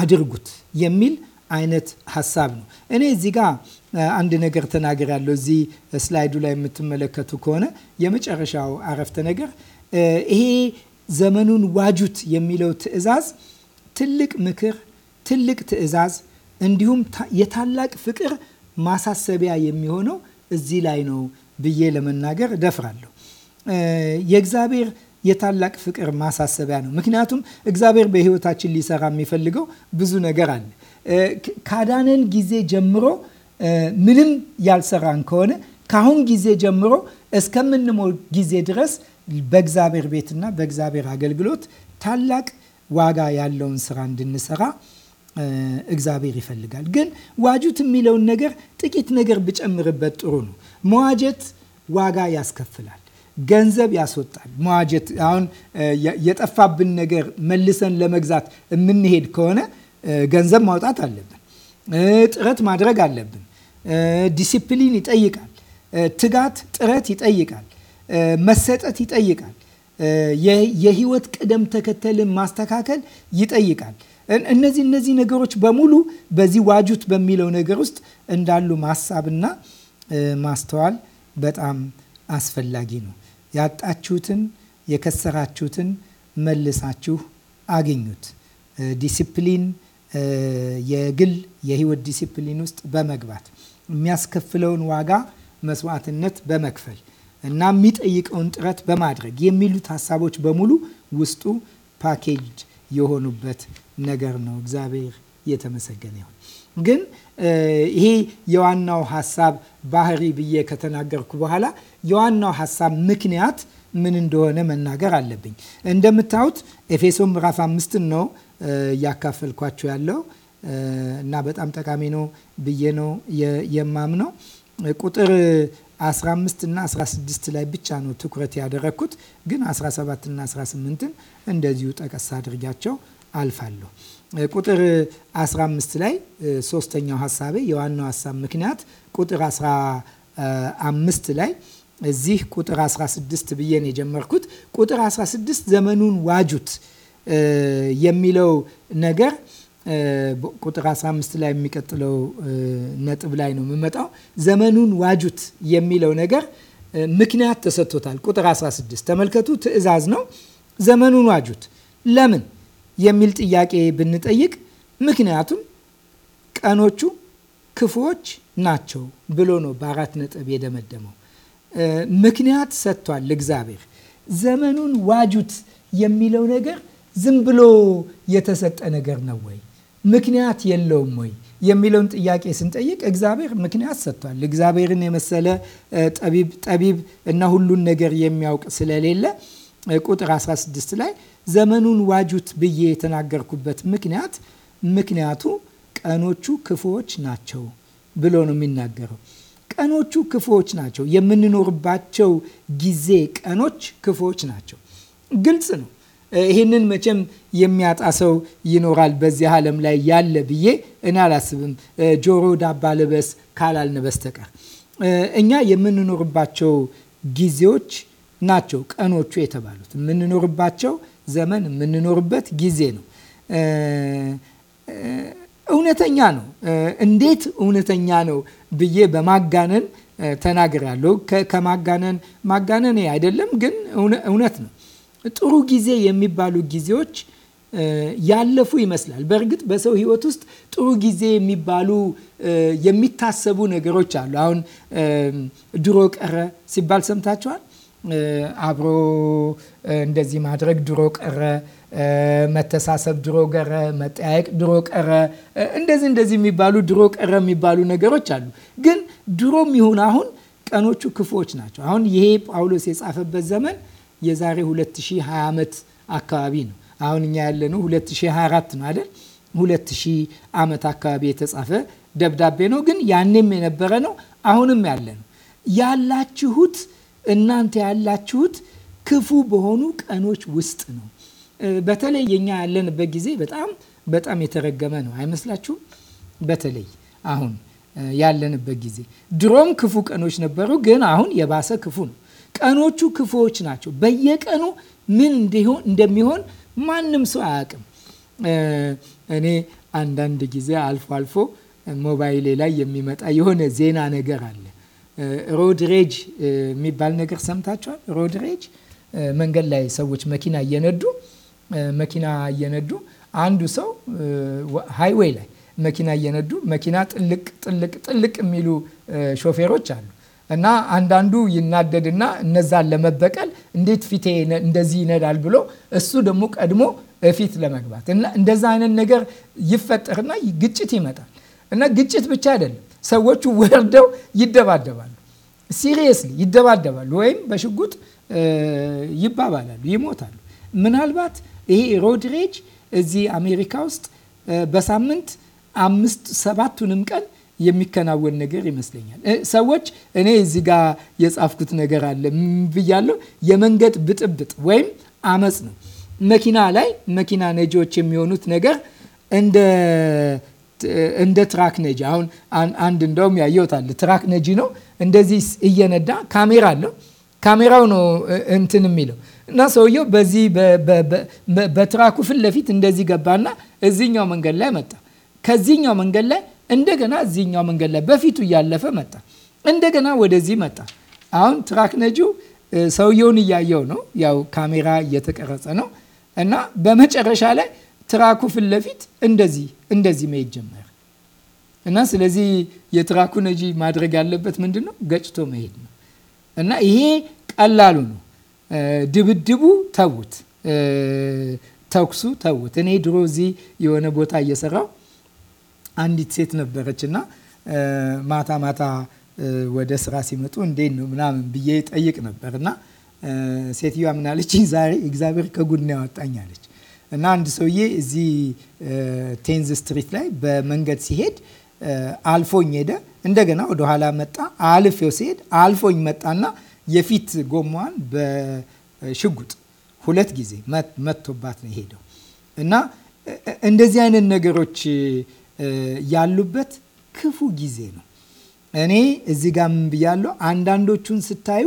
አድርጉት የሚል አይነት ሀሳብ ነው። እኔ እዚህ ጋር አንድ ነገር ተናገር ያለው እዚህ ስላይዱ ላይ የምትመለከቱ ከሆነ የመጨረሻው አረፍተ ነገር ይሄ ዘመኑን ዋጁት የሚለው ትዕዛዝ ትልቅ ምክር፣ ትልቅ ትዕዛዝ እንዲሁም የታላቅ ፍቅር ማሳሰቢያ የሚሆነው እዚህ ላይ ነው ብዬ ለመናገር እደፍራለሁ። የእግዚአብሔር የታላቅ ፍቅር ማሳሰቢያ ነው። ምክንያቱም እግዚአብሔር በሕይወታችን ሊሰራ የሚፈልገው ብዙ ነገር አለ። ካዳነን ጊዜ ጀምሮ ምንም ያልሰራን ከሆነ ከአሁን ጊዜ ጀምሮ እስከምንሞት ጊዜ ድረስ በእግዚአብሔር ቤትና በእግዚአብሔር አገልግሎት ታላቅ ዋጋ ያለውን ስራ እንድንሰራ እግዚአብሔር ይፈልጋል። ግን ዋጁት የሚለውን ነገር ጥቂት ነገር ብጨምርበት ጥሩ ነው። መዋጀት ዋጋ ያስከፍላል፣ ገንዘብ ያስወጣል። መዋጀት አሁን የጠፋብን ነገር መልሰን ለመግዛት የምንሄድ ከሆነ ገንዘብ ማውጣት አለብን። ጥረት ማድረግ አለብን። ዲሲፕሊን ይጠይቃል። ትጋት፣ ጥረት ይጠይቃል። መሰጠት ይጠይቃል። የህይወት ቅደም ተከተልን ማስተካከል ይጠይቃል። እነዚህ እነዚህ ነገሮች በሙሉ በዚህ ዋጁት በሚለው ነገር ውስጥ እንዳሉ ማሳብና ማስተዋል በጣም አስፈላጊ ነው። ያጣችሁትን የከሰራችሁትን መልሳችሁ አግኙት። ዲሲፕሊን የግል የህይወት ዲሲፕሊን ውስጥ በመግባት የሚያስከፍለውን ዋጋ መስዋዕትነት በመክፈል እና የሚጠይቀውን ጥረት በማድረግ የሚሉት ሀሳቦች በሙሉ ውስጡ ፓኬጅ የሆኑበት ነገር ነው። እግዚአብሔር የተመሰገነ ይሁን። ግን ይሄ የዋናው ሀሳብ ባህሪ ብዬ ከተናገርኩ በኋላ የዋናው ሀሳብ ምክንያት ምን እንደሆነ መናገር አለብኝ። እንደምታዩት ኤፌሶን ምዕራፍ አምስትን ነው እያካፈልኳቸው ያለው እና በጣም ጠቃሚ ነው ብዬ ነው የማምነው። ቁጥር 15 እና 16 ላይ ብቻ ነው ትኩረት ያደረግኩት፣ ግን 17 እና 18ን እንደዚሁ ጠቀስ አድርጊያቸው አልፋለሁ። ቁጥር 15 ላይ ሶስተኛው ሀሳቤ የዋናው ሀሳብ ምክንያት ቁጥር 15 ላይ እዚህ ቁጥር 16 ብዬ ነው የጀመርኩት። ቁጥር 16 ዘመኑን ዋጁት የሚለው ነገር ቁጥር 15 ላይ የሚቀጥለው ነጥብ ላይ ነው የምመጣው። ዘመኑን ዋጁት የሚለው ነገር ምክንያት ተሰጥቶታል። ቁጥር 16 ተመልከቱ፣ ትዕዛዝ ነው። ዘመኑን ዋጁት ለምን የሚል ጥያቄ ብንጠይቅ ምክንያቱም ቀኖቹ ክፉዎች ናቸው ብሎ ነው በአራት ነጥብ የደመደመው። ምክንያት ሰጥቷል እግዚአብሔር። ዘመኑን ዋጁት የሚለው ነገር ዝም ብሎ የተሰጠ ነገር ነው ወይ? ምክንያት የለውም ወይ የሚለውን ጥያቄ ስንጠይቅ እግዚአብሔር ምክንያት ሰጥቷል። እግዚአብሔርን የመሰለ ጠቢብ ጠቢብ እና ሁሉን ነገር የሚያውቅ ስለሌለ ቁጥር 16 ላይ ዘመኑን ዋጁት ብዬ የተናገርኩበት ምክንያት ምክንያቱ ቀኖቹ ክፉዎች ናቸው ብሎ ነው የሚናገረው። ቀኖቹ ክፉዎች ናቸው። የምንኖርባቸው ጊዜ ቀኖች ክፉዎች ናቸው። ግልጽ ነው። ይህንን መቼም የሚያጣ ሰው ይኖራል በዚህ ዓለም ላይ ያለ ብዬ እኔ አላስብም። ጆሮ ዳባ ልበስ ካላልን በስተቀር እኛ የምንኖርባቸው ጊዜዎች ናቸው ቀኖቹ የተባሉት። የምንኖርባቸው ዘመን የምንኖርበት ጊዜ ነው። እውነተኛ ነው። እንዴት እውነተኛ ነው ብዬ በማጋነን ተናግራለሁ። ከማጋነን ማጋነን አይደለም ግን እውነት ነው። ጥሩ ጊዜ የሚባሉ ጊዜዎች ያለፉ ይመስላል። በእርግጥ በሰው ህይወት ውስጥ ጥሩ ጊዜ የሚባሉ የሚታሰቡ ነገሮች አሉ። አሁን ድሮ ቀረ ሲባል ሰምታችኋል። አብሮ እንደዚህ ማድረግ ድሮ ቀረ፣ መተሳሰብ ድሮ ቀረ፣ መጠያየቅ ድሮ ቀረ፣ እንደዚህ እንደዚህ የሚባሉ ድሮ ቀረ የሚባሉ ነገሮች አሉ። ግን ድሮም ይሁን አሁን ቀኖቹ ክፉዎች ናቸው። አሁን ይሄ ጳውሎስ የጻፈበት ዘመን የዛሬ 2020 ዓመት አካባቢ ነው። አሁን እኛ ያለነው 2024 ነው አይደል? 2000 ዓመት አካባቢ የተጻፈ ደብዳቤ ነው፣ ግን ያኔም የነበረ ነው፣ አሁንም ያለ ነው። ያላችሁት እናንተ ያላችሁት ክፉ በሆኑ ቀኖች ውስጥ ነው። በተለይ የኛ ያለንበት ጊዜ በጣም በጣም የተረገመ ነው አይመስላችሁም? በተለይ አሁን ያለንበት ጊዜ ድሮም ክፉ ቀኖች ነበሩ፣ ግን አሁን የባሰ ክፉ ነው። ቀኖቹ ክፉዎች ናቸው። በየቀኑ ምን እንደሚሆን ማንም ሰው አያውቅም። እኔ አንዳንድ ጊዜ አልፎ አልፎ ሞባይሌ ላይ የሚመጣ የሆነ ዜና ነገር አለ። ሮድ ሬጅ የሚባል ነገር ሰምታችኋል? ሮድ ሬጅ መንገድ ላይ ሰዎች መኪና እየነዱ መኪና እየነዱ አንዱ ሰው ሃይዌይ ላይ መኪና እየነዱ መኪና ጥልቅ ጥልቅ ጥልቅ የሚሉ ሾፌሮች አሉ እና አንዳንዱ ይናደድና እነዛን ለመበቀል እንዴት ፊቴ እንደዚህ ይነዳል ብሎ እሱ ደግሞ ቀድሞ ፊት ለመግባት እንደዛ አይነት ነገር ይፈጠርና ግጭት ይመጣል። እና ግጭት ብቻ አይደለም፣ ሰዎቹ ወርደው ይደባደባሉ። ሲሪየስሊ ይደባደባሉ፣ ወይም በሽጉጥ ይባባላሉ፣ ይሞታሉ። ምናልባት ይሄ ሮድሬጅ ሬጅ እዚህ አሜሪካ ውስጥ በሳምንት አምስት ሰባቱንም ቀን የሚከናወን ነገር ይመስለኛል። ሰዎች እኔ እዚህ ጋር የጻፍኩት ነገር አለ ብያለሁ። የመንገድ ብጥብጥ ወይም አመፅ ነው። መኪና ላይ መኪና ነጂዎች የሚሆኑት ነገር እንደ እንደ ትራክ ነጂ አሁን አንድ እንደውም ያየውታል ትራክ ነጂ ነው። እንደዚህ እየነዳ ካሜራ አለው። ካሜራው ነው እንትን የሚለው እና ሰውየው በዚህ በትራኩ ፊት ለፊት እንደዚህ ገባና እዚኛው መንገድ ላይ መጣ። ከዚህኛው መንገድ ላይ እንደገና እዚህኛው መንገድ ላይ በፊቱ እያለፈ መጣ። እንደገና ወደዚህ መጣ። አሁን ትራክ ነጂው ሰውየውን እያየው ነው። ያው ካሜራ እየተቀረጸ ነው እና በመጨረሻ ላይ ትራኩ ፊት ለፊት እንደዚህ እንደዚህ መሄድ ጀመረ እና ስለዚህ የትራኩ ነጂ ማድረግ ያለበት ምንድን ነው? ገጭቶ መሄድ ነው እና ይሄ ቀላሉ ነው። ድብድቡ ተዉት፣ ተኩሱ ተዉት። እኔ ድሮ እዚህ የሆነ ቦታ እየሰራው አንዲት ሴት ነበረች እና ማታ ማታ ወደ ስራ ሲመጡ እንዴት ነው ምናምን ብዬ ጠይቅ ነበር እና ሴትዮዋ ምናለች *laughs* ዛሬ እግዚአብሔር ከጉድ ነው ያወጣኝ አለች። እና አንድ ሰውዬ እዚህ ቴንዝ ስትሪት ላይ በመንገድ ሲሄድ አልፎኝ ሄደ። እንደገና ወደኋላ መጣ። አልፌው ሲሄድ አልፎኝ መጣና የፊት ጎማዋን በሽጉጥ ሁለት ጊዜ መቶባት ነው የሄደው እና እንደዚህ አይነት ነገሮች ያሉበት ክፉ ጊዜ ነው። እኔ እዚህ ጋር ምን ብያለሁ? አንዳንዶቹን ስታዩ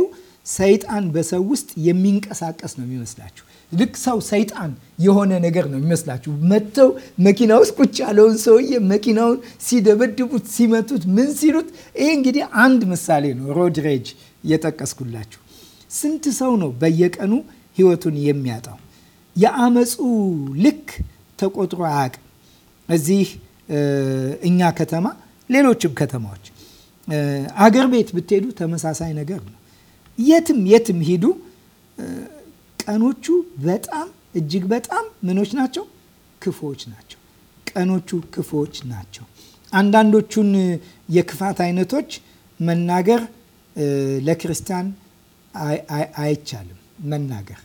ሰይጣን በሰው ውስጥ የሚንቀሳቀስ ነው የሚመስላችሁ። ልክ ሰው ሰይጣን የሆነ ነገር ነው የሚመስላችሁ። መጥተው መኪና ውስጥ ቁጭ ያለውን ሰውዬ መኪናውን ሲደበድቡት፣ ሲመቱት፣ ምን ሲሉት፣ ይህ እንግዲህ አንድ ምሳሌ ነው። ሮድ ሬጅ የጠቀስኩላችሁ። ስንት ሰው ነው በየቀኑ ህይወቱን የሚያጣው? የአመፁ ልክ ተቆጥሮ አያውቅም። እዚህ እኛ ከተማ፣ ሌሎችም ከተማዎች አገር ቤት ብትሄዱ ተመሳሳይ ነገር ነው። የትም የትም ሂዱ፣ ቀኖቹ በጣም እጅግ በጣም ምኖች ናቸው፣ ክፉዎች ናቸው። ቀኖቹ ክፉዎች ናቸው። አንዳንዶቹን የክፋት አይነቶች መናገር ለክርስቲያን አይቻልም መናገር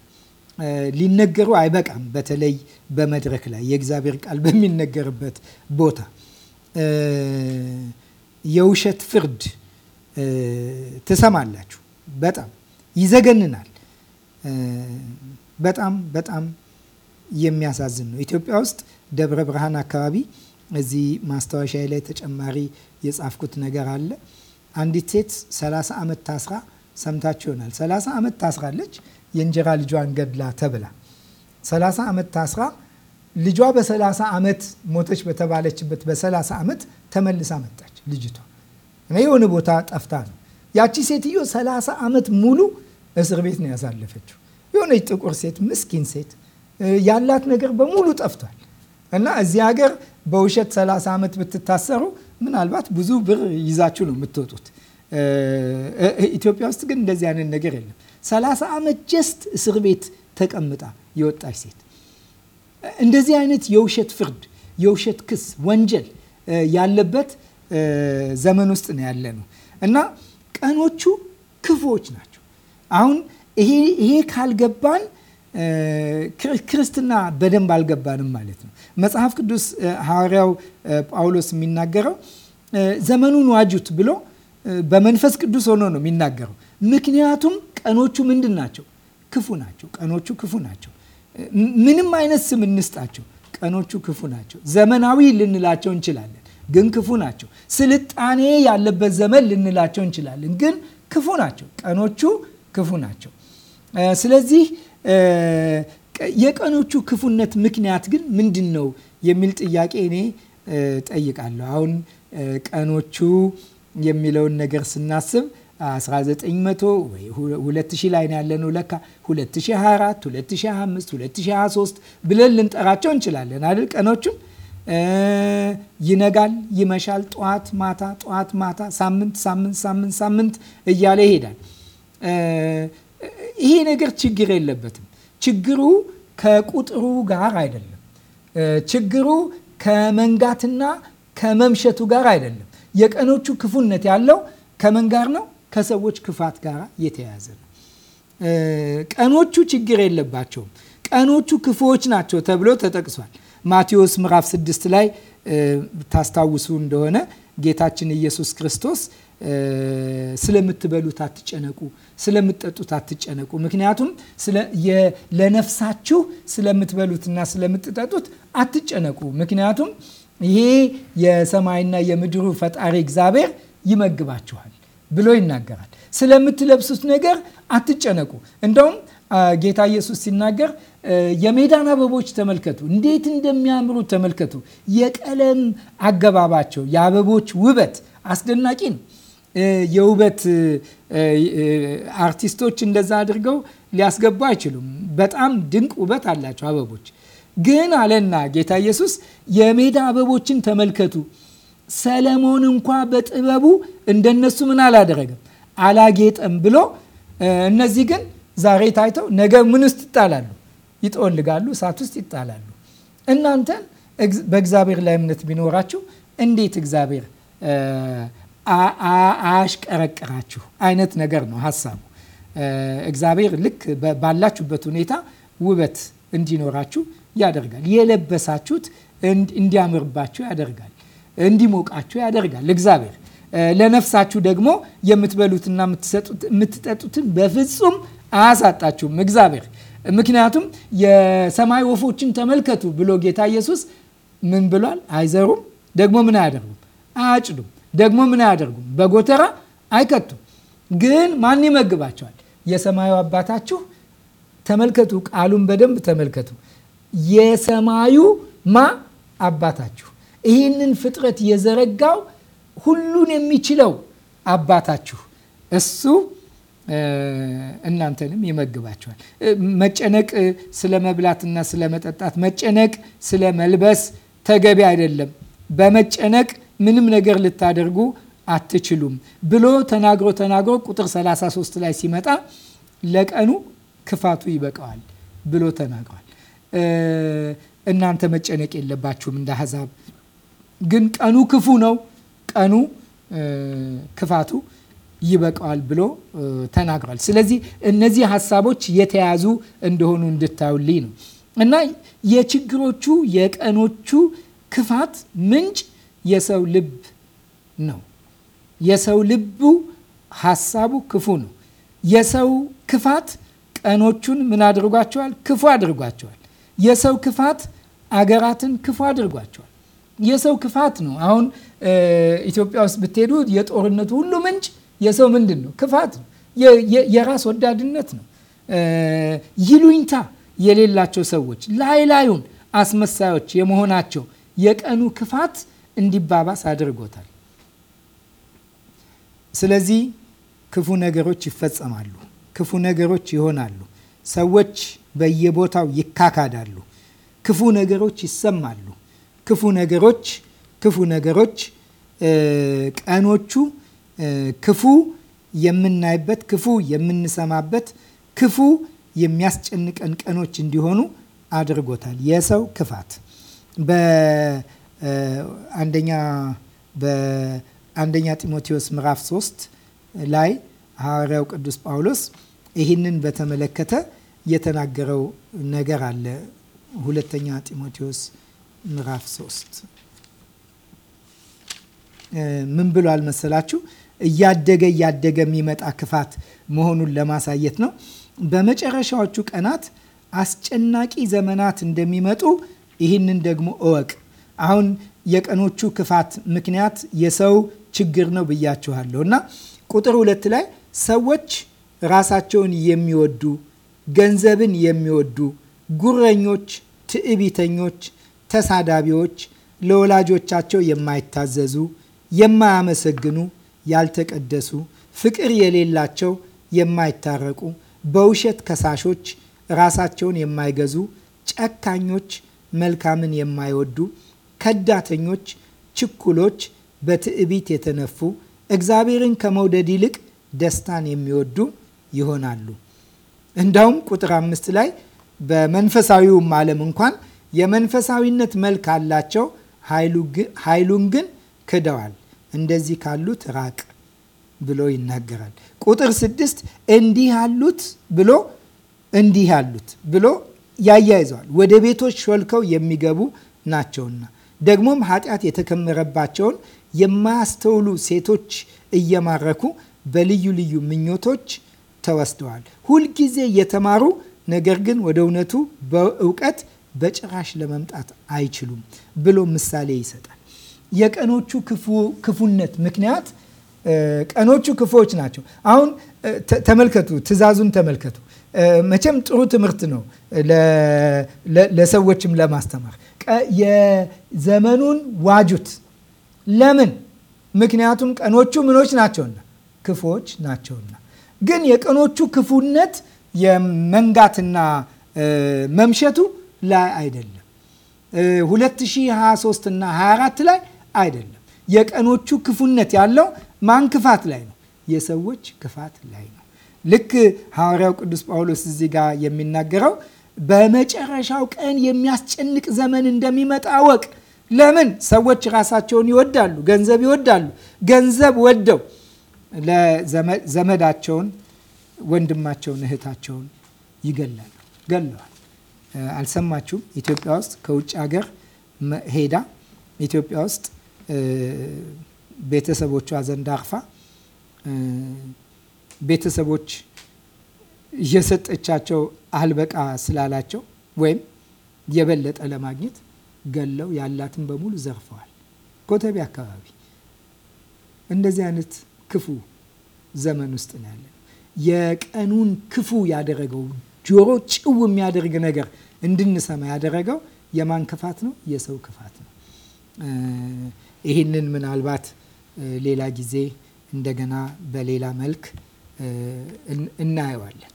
ሊነገሩ አይበቃም። በተለይ በመድረክ ላይ የእግዚአብሔር ቃል በሚነገርበት ቦታ የውሸት ፍርድ ትሰማላችሁ። በጣም ይዘገንናል። በጣም በጣም የሚያሳዝን ነው። ኢትዮጵያ ውስጥ ደብረ ብርሃን አካባቢ እዚህ ማስታወሻ ላይ ተጨማሪ የጻፍኩት ነገር አለ። አንዲት ሴት 30 ዓመት ታስራ ሰምታችሁ ይሆናል። 30 ዓመት ታስራለች። የእንጀራ ልጇን ገድላ ተብላ 30 ዓመት ታስራ ልጇ በ30 ዓመት ሞተች በተባለችበት በ30 ዓመት ተመልሳ መጣች ልጅቷ እና የሆነ ቦታ ጠፍታ ነው። ያቺ ሴትዮ 30 ዓመት ሙሉ እስር ቤት ነው ያሳለፈችው። የሆነች ጥቁር ሴት፣ ምስኪን ሴት ያላት ነገር በሙሉ ጠፍቷል እና እዚህ ሀገር በውሸት 30 ዓመት ብትታሰሩ ምናልባት ብዙ ብር ይዛችሁ ነው የምትወጡት። ኢትዮጵያ ውስጥ ግን እንደዚህ አይነት ነገር የለም። 30 ዓመት ጀስት እስር ቤት ተቀምጣ የወጣች ሴት እንደዚህ አይነት የውሸት ፍርድ፣ የውሸት ክስ፣ ወንጀል ያለበት ዘመን ውስጥ ነው ያለ ነው እና ቀኖቹ ክፉዎች ናቸው። አሁን ይሄ ካልገባን ክርስትና በደንብ አልገባንም ማለት ነው። መጽሐፍ ቅዱስ ሐዋርያው ጳውሎስ የሚናገረው ዘመኑን ዋጁት ብሎ በመንፈስ ቅዱስ ሆኖ ነው የሚናገረው። ምክንያቱም ቀኖቹ ምንድን ናቸው? ክፉ ናቸው። ቀኖቹ ክፉ ናቸው። ምንም አይነት ስም እንስጣቸው፣ ቀኖቹ ክፉ ናቸው። ዘመናዊ ልንላቸው እንችላለን፣ ግን ክፉ ናቸው። ስልጣኔ ያለበት ዘመን ልንላቸው እንችላለን፣ ግን ክፉ ናቸው። ቀኖቹ ክፉ ናቸው። ስለዚህ የቀኖቹ ክፉነት ምክንያት ግን ምንድን ነው የሚል ጥያቄ እኔ ጠይቃለሁ። አሁን ቀኖቹ የሚለውን ነገር ስናስብ 1900 ወይ 2000 ላይ ነው ያለነው። ለካ 2024፣ 2025፣ 2023 ብለን ልንጠራቸው እንችላለን አይደል? ቀኖቹም ይነጋል፣ ይመሻል፣ ጠዋት ማታ፣ ጠዋት ማታ፣ ሳምንት ሳምንት ሳምንት ሳምንት እያለ ይሄዳል። ይሄ ነገር ችግር የለበትም። ችግሩ ከቁጥሩ ጋር አይደለም። ችግሩ ከመንጋትና ከመምሸቱ ጋር አይደለም። የቀኖቹ ክፉነት ያለው ከምን ጋር ነው? ከሰዎች ክፋት ጋር የተያያዘ ነው። ቀኖቹ ችግር የለባቸውም። ቀኖቹ ክፉዎች ናቸው ተብሎ ተጠቅሷል። ማቴዎስ ምዕራፍ 6 ላይ ታስታውሱ እንደሆነ ጌታችን ኢየሱስ ክርስቶስ ስለምትበሉት አትጨነቁ፣ ስለምትጠጡት አትጨነቁ፣ ምክንያቱም ለነፍሳችሁ ስለምትበሉትና ስለምትጠጡት አትጨነቁ፣ ምክንያቱም ይሄ የሰማይና የምድሩ ፈጣሪ እግዚአብሔር ይመግባችኋል። ብሎ ይናገራል። ስለምትለብሱት ነገር አትጨነቁ። እንደውም ጌታ ኢየሱስ ሲናገር የሜዳን አበቦች ተመልከቱ፣ እንዴት እንደሚያምሩ ተመልከቱ። የቀለም አገባባቸው፣ የአበቦች ውበት አስደናቂ ነው። የውበት አርቲስቶች እንደዛ አድርገው ሊያስገቡ አይችሉም። በጣም ድንቅ ውበት አላቸው አበቦች። ግን አለና ጌታ ኢየሱስ የሜዳ አበቦችን ተመልከቱ ሰለሞን እንኳ በጥበቡ እንደነሱ ምን አላደረገም አላጌጠም ብሎ እነዚህ ግን ዛሬ ታይተው ነገ ምን ውስጥ ይጣላሉ፣ ይጠወልጋሉ፣ እሳት ውስጥ ይጣላሉ። እናንተን በእግዚአብሔር ላይ እምነት ቢኖራችሁ እንዴት እግዚአብሔር አያሽቀረቅራችሁ አይነት ነገር ነው ሀሳቡ። እግዚአብሔር ልክ ባላችሁበት ሁኔታ ውበት እንዲኖራችሁ ያደርጋል። የለበሳችሁት እንዲያምርባችሁ ያደርጋል። እንዲሞቃችሁ ያደርጋል እግዚአብሔር። ለነፍሳችሁ ደግሞ የምትበሉትና የምትጠጡትን በፍጹም አያሳጣችሁም እግዚአብሔር። ምክንያቱም የሰማይ ወፎችን ተመልከቱ ብሎ ጌታ ኢየሱስ ምን ብሏል? አይዘሩም፣ ደግሞ ምን አያደርጉም፣ አያጭዱም፣ ደግሞ ምን አያደርጉም፣ በጎተራ አይከቱም። ግን ማን ይመግባቸዋል? የሰማዩ አባታችሁ ተመልከቱ፣ ቃሉን በደንብ ተመልከቱ። የሰማዩ ማ አባታችሁ ይህንን ፍጥረት የዘረጋው ሁሉን የሚችለው አባታችሁ እሱ እናንተንም ይመግባቸዋል መጨነቅ ስለ መብላትና ስለ መጠጣት፣ መጨነቅ ስለ መልበስ ተገቢ አይደለም፣ በመጨነቅ ምንም ነገር ልታደርጉ አትችሉም ብሎ ተናግሮ ተናግሮ ቁጥር 33 ላይ ሲመጣ ለቀኑ ክፋቱ ይበቃዋል ብሎ ተናግሯል። እናንተ መጨነቅ የለባችሁም እንደ አሕዛብ ግን ቀኑ ክፉ ነው፣ ቀኑ ክፋቱ ይበቃዋል ብሎ ተናግሯል። ስለዚህ እነዚህ ሀሳቦች የተያዙ እንደሆኑ እንድታዩልኝ ነው እና የችግሮቹ የቀኖቹ ክፋት ምንጭ የሰው ልብ ነው። የሰው ልቡ ሀሳቡ ክፉ ነው። የሰው ክፋት ቀኖቹን ምን አድርጓቸዋል? ክፉ አድርጓቸዋል። የሰው ክፋት አገራትን ክፉ አድርጓቸዋል። የሰው ክፋት ነው። አሁን ኢትዮጵያ ውስጥ ብትሄዱ የጦርነቱ ሁሉ ምንጭ የሰው ምንድን ነው? ክፋት ነው። የራስ ወዳድነት ነው። ይሉኝታ የሌላቸው ሰዎች ላይ ላዩን አስመሳዮች የመሆናቸው የቀኑ ክፋት እንዲባባስ አድርጎታል። ስለዚህ ክፉ ነገሮች ይፈጸማሉ። ክፉ ነገሮች ይሆናሉ። ሰዎች በየቦታው ይካካዳሉ። ክፉ ነገሮች ይሰማሉ። ክፉ ነገሮች ክፉ ነገሮች ቀኖቹ ክፉ የምናይበት፣ ክፉ የምንሰማበት፣ ክፉ የሚያስጨንቀን ቀኖች እንዲሆኑ አድርጎታል። የሰው ክፋት በአንደኛ በአንደኛ ጢሞቴዎስ ምዕራፍ 3 ላይ ሐዋርያው ቅዱስ ጳውሎስ ይህንን በተመለከተ የተናገረው ነገር አለ። ሁለተኛ ጢሞቴዎስ ምዕራፍ 3 ምን ብሏል መሰላችሁ? እያደገ እያደገ የሚመጣ ክፋት መሆኑን ለማሳየት ነው። በመጨረሻዎቹ ቀናት አስጨናቂ ዘመናት እንደሚመጡ ይህንን ደግሞ እወቅ። አሁን የቀኖቹ ክፋት ምክንያት የሰው ችግር ነው ብያችኋለሁ እና ቁጥር ሁለት ላይ ሰዎች ራሳቸውን የሚወዱ ገንዘብን የሚወዱ ጉረኞች፣ ትዕቢተኞች ተሳዳቢዎች፣ ለወላጆቻቸው የማይታዘዙ፣ የማያመሰግኑ፣ ያልተቀደሱ፣ ፍቅር የሌላቸው፣ የማይታረቁ፣ በውሸት ከሳሾች፣ ራሳቸውን የማይገዙ፣ ጨካኞች፣ መልካምን የማይወዱ፣ ከዳተኞች፣ ችኩሎች፣ በትዕቢት የተነፉ፣ እግዚአብሔርን ከመውደድ ይልቅ ደስታን የሚወዱ ይሆናሉ። እንዳውም ቁጥር አምስት ላይ በመንፈሳዊውም ዓለም እንኳን የመንፈሳዊነት መልክ አላቸው፣ ኃይሉን ግን ክደዋል። እንደዚህ ካሉት ራቅ ብሎ ይናገራል። ቁጥር ስድስት እንዲህ ያሉት ብሎ እንዲህ ያሉት ብሎ ያያይዘዋል። ወደ ቤቶች ሾልከው የሚገቡ ናቸውና ደግሞም ኃጢአት የተከመረባቸውን የማያስተውሉ ሴቶች እየማረኩ በልዩ ልዩ ምኞቶች ተወስደዋል። ሁልጊዜ የተማሩ ነገር ግን ወደ እውነቱ በእውቀት በጭራሽ ለመምጣት አይችሉም ብሎ ምሳሌ ይሰጣል። የቀኖቹ ክፉነት ምክንያት ቀኖቹ ክፉዎች ናቸው። አሁን ተመልከቱ፣ ትእዛዙን ተመልከቱ። መቼም ጥሩ ትምህርት ነው ለሰዎችም ለማስተማር። የዘመኑን ዋጁት። ለምን? ምክንያቱም ቀኖቹ ምኖች ናቸውና ክፉዎች ናቸውና። ግን የቀኖቹ ክፉነት የመንጋትና መምሸቱ ላይ አይደለም 2023 እና 24 ላይ አይደለም። የቀኖቹ ክፉነት ያለው ማን ክፋት ላይ ነው? የሰዎች ክፋት ላይ ነው። ልክ ሐዋርያው ቅዱስ ጳውሎስ እዚህ ጋር የሚናገረው በመጨረሻው ቀን የሚያስጨንቅ ዘመን እንደሚመጣ ወቅ። ለምን ሰዎች ራሳቸውን ይወዳሉ፣ ገንዘብ ይወዳሉ። ገንዘብ ወደው ለዘመዳቸውን ወንድማቸውን እህታቸውን ይገላሉ፣ ገለዋል። አልሰማችሁም? ኢትዮጵያ ውስጥ ከውጭ ሀገር ሄዳ ኢትዮጵያ ውስጥ ቤተሰቦቿ ዘንድ አርፋ ቤተሰቦች እየሰጠቻቸው አልበቃ ስላላቸው ወይም የበለጠ ለማግኘት ገለው ያላትን በሙሉ ዘርፈዋል። ኮተቤ አካባቢ እንደዚህ አይነት ክፉ ዘመን ውስጥ ነው ያለ። የቀኑን ክፉ ያደረገው ጆሮ ጭው የሚያደርግ ነገር እንድንሰማ ያደረገው የማን ክፋት ነው? የሰው ክፋት ነው። ይህንን ምናልባት ሌላ ጊዜ እንደገና በሌላ መልክ እናየዋለን።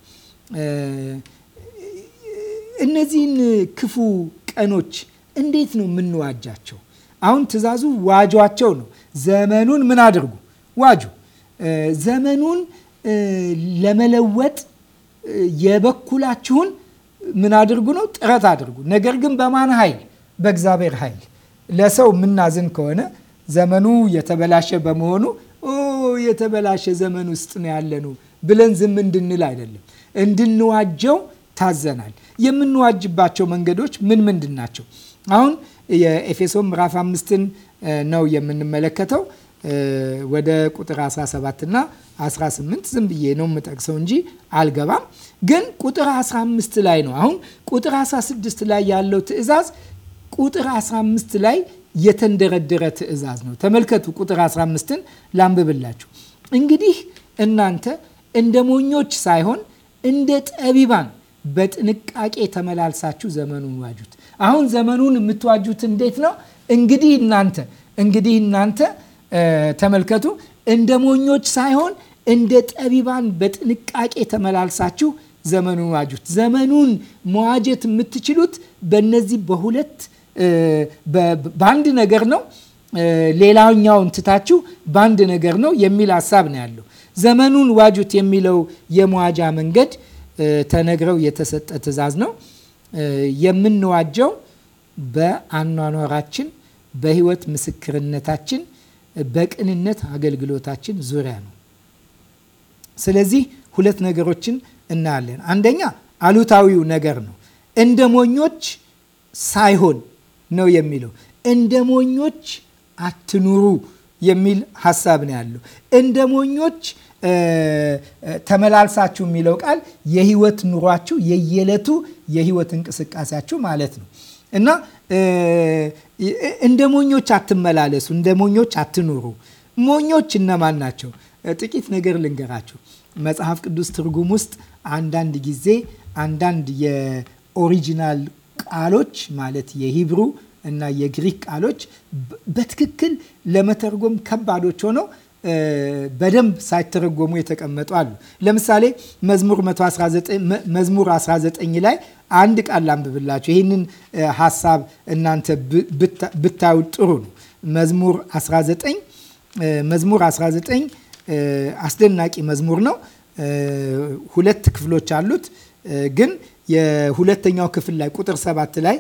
እነዚህን ክፉ ቀኖች እንዴት ነው የምንዋጃቸው? አሁን ትዕዛዙ ዋጇቸው ነው። ዘመኑን ምን አድርጉ? ዋጁ። ዘመኑን ለመለወጥ የበኩላችሁን ምን አድርጉ ነው ጥረት አድርጉ። ነገር ግን በማን ኃይል? በእግዚአብሔር ኃይል። ለሰው የምናዝን ከሆነ ዘመኑ የተበላሸ በመሆኑ የተበላሸ ዘመን ውስጥ ነው ያለነው ብለን ዝም እንድንል አይደለም፣ እንድንዋጀው ታዘናል። የምንዋጅባቸው መንገዶች ምን ምንድን ናቸው? አሁን የኤፌሶ ምዕራፍ አምስትን ነው የምንመለከተው ወደ ቁጥር 17 እና 18 ዝም ብዬ ነው የምጠቅሰው እንጂ አልገባም። ግን ቁጥር 15 ላይ ነው። አሁን ቁጥር 16 ላይ ያለው ትዕዛዝ ቁጥር 15 ላይ የተንደረደረ ትዕዛዝ ነው። ተመልከቱ፣ ቁጥር 15ን ላንብብላችሁ። እንግዲህ እናንተ እንደ ሞኞች ሳይሆን እንደ ጠቢባን በጥንቃቄ ተመላልሳችሁ ዘመኑን ዋጁት። አሁን ዘመኑን የምትዋጁት እንዴት ነው? እንግዲህ እናንተ እንግዲህ እናንተ ተመልከቱ እንደ ሞኞች ሳይሆን እንደ ጠቢባን በጥንቃቄ ተመላልሳችሁ ዘመኑን ዋጁት። ዘመኑን መዋጀት የምትችሉት በእነዚህ በሁለት በአንድ ነገር ነው። ሌላኛውን ትታችሁ በአንድ ነገር ነው የሚል ሀሳብ ነው ያለው። ዘመኑን ዋጁት የሚለው የመዋጃ መንገድ ተነግረው የተሰጠ ትዕዛዝ ነው። የምንዋጀው በአኗኗራችን፣ በህይወት ምስክርነታችን በቅንነት አገልግሎታችን ዙሪያ ነው። ስለዚህ ሁለት ነገሮችን እናያለን። አንደኛ አሉታዊው ነገር ነው። እንደ ሞኞች ሳይሆን ነው የሚለው። እንደ ሞኞች አትኑሩ የሚል ሀሳብ ነው ያለው። እንደ ሞኞች ተመላልሳችሁ የሚለው ቃል የህይወት ኑሯችሁ የየለቱ የህይወት እንቅስቃሴያችሁ ማለት ነው እና እንደ ሞኞች አትመላለሱ፣ እንደ ሞኞች አትኑሩ። ሞኞች እነማን ናቸው? ጥቂት ነገር ልንገራችሁ። መጽሐፍ ቅዱስ ትርጉም ውስጥ አንዳንድ ጊዜ አንዳንድ የኦሪጂናል ቃሎች ማለት የሂብሩ እና የግሪክ ቃሎች በትክክል ለመተርጎም ከባዶች ሆነው በደንብ ሳይተረጎሙ የተቀመጡ አሉ። ለምሳሌ መዝሙር 119 መዝሙር 19 ላይ አንድ ቃል ላንብብላችሁ። ይህንን ሀሳብ እናንተ ብታዩ ጥሩ ነው። መዝሙር 19 መዝሙር 19 አስደናቂ መዝሙር ነው። ሁለት ክፍሎች አሉት። ግን የሁለተኛው ክፍል ላይ ቁጥር ሰባት ላይ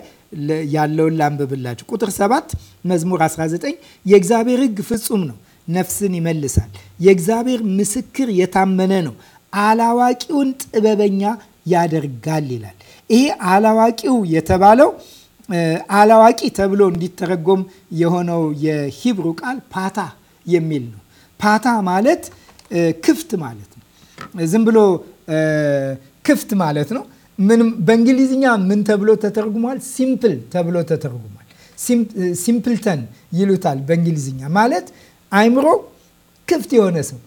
ያለውን ላንብብላችሁ። ቁጥር ሰባት መዝሙር 19 የእግዚአብሔር ሕግ ፍጹም ነው ነፍስን ይመልሳል። የእግዚአብሔር ምስክር የታመነ ነው፣ አላዋቂውን ጥበበኛ ያደርጋል ይላል። ይሄ አላዋቂው የተባለው አላዋቂ ተብሎ እንዲተረጎም የሆነው የሂብሩ ቃል ፓታ የሚል ነው። ፓታ ማለት ክፍት ማለት ነው። ዝም ብሎ ክፍት ማለት ነው። ምንም በእንግሊዝኛ ምን ተብሎ ተተርጉሟል? ሲምፕል ተብሎ ተተርጉሟል። ሲምፕልተን ይሉታል በእንግሊዝኛ ማለት አይምሮ ክፍት የሆነ ሰው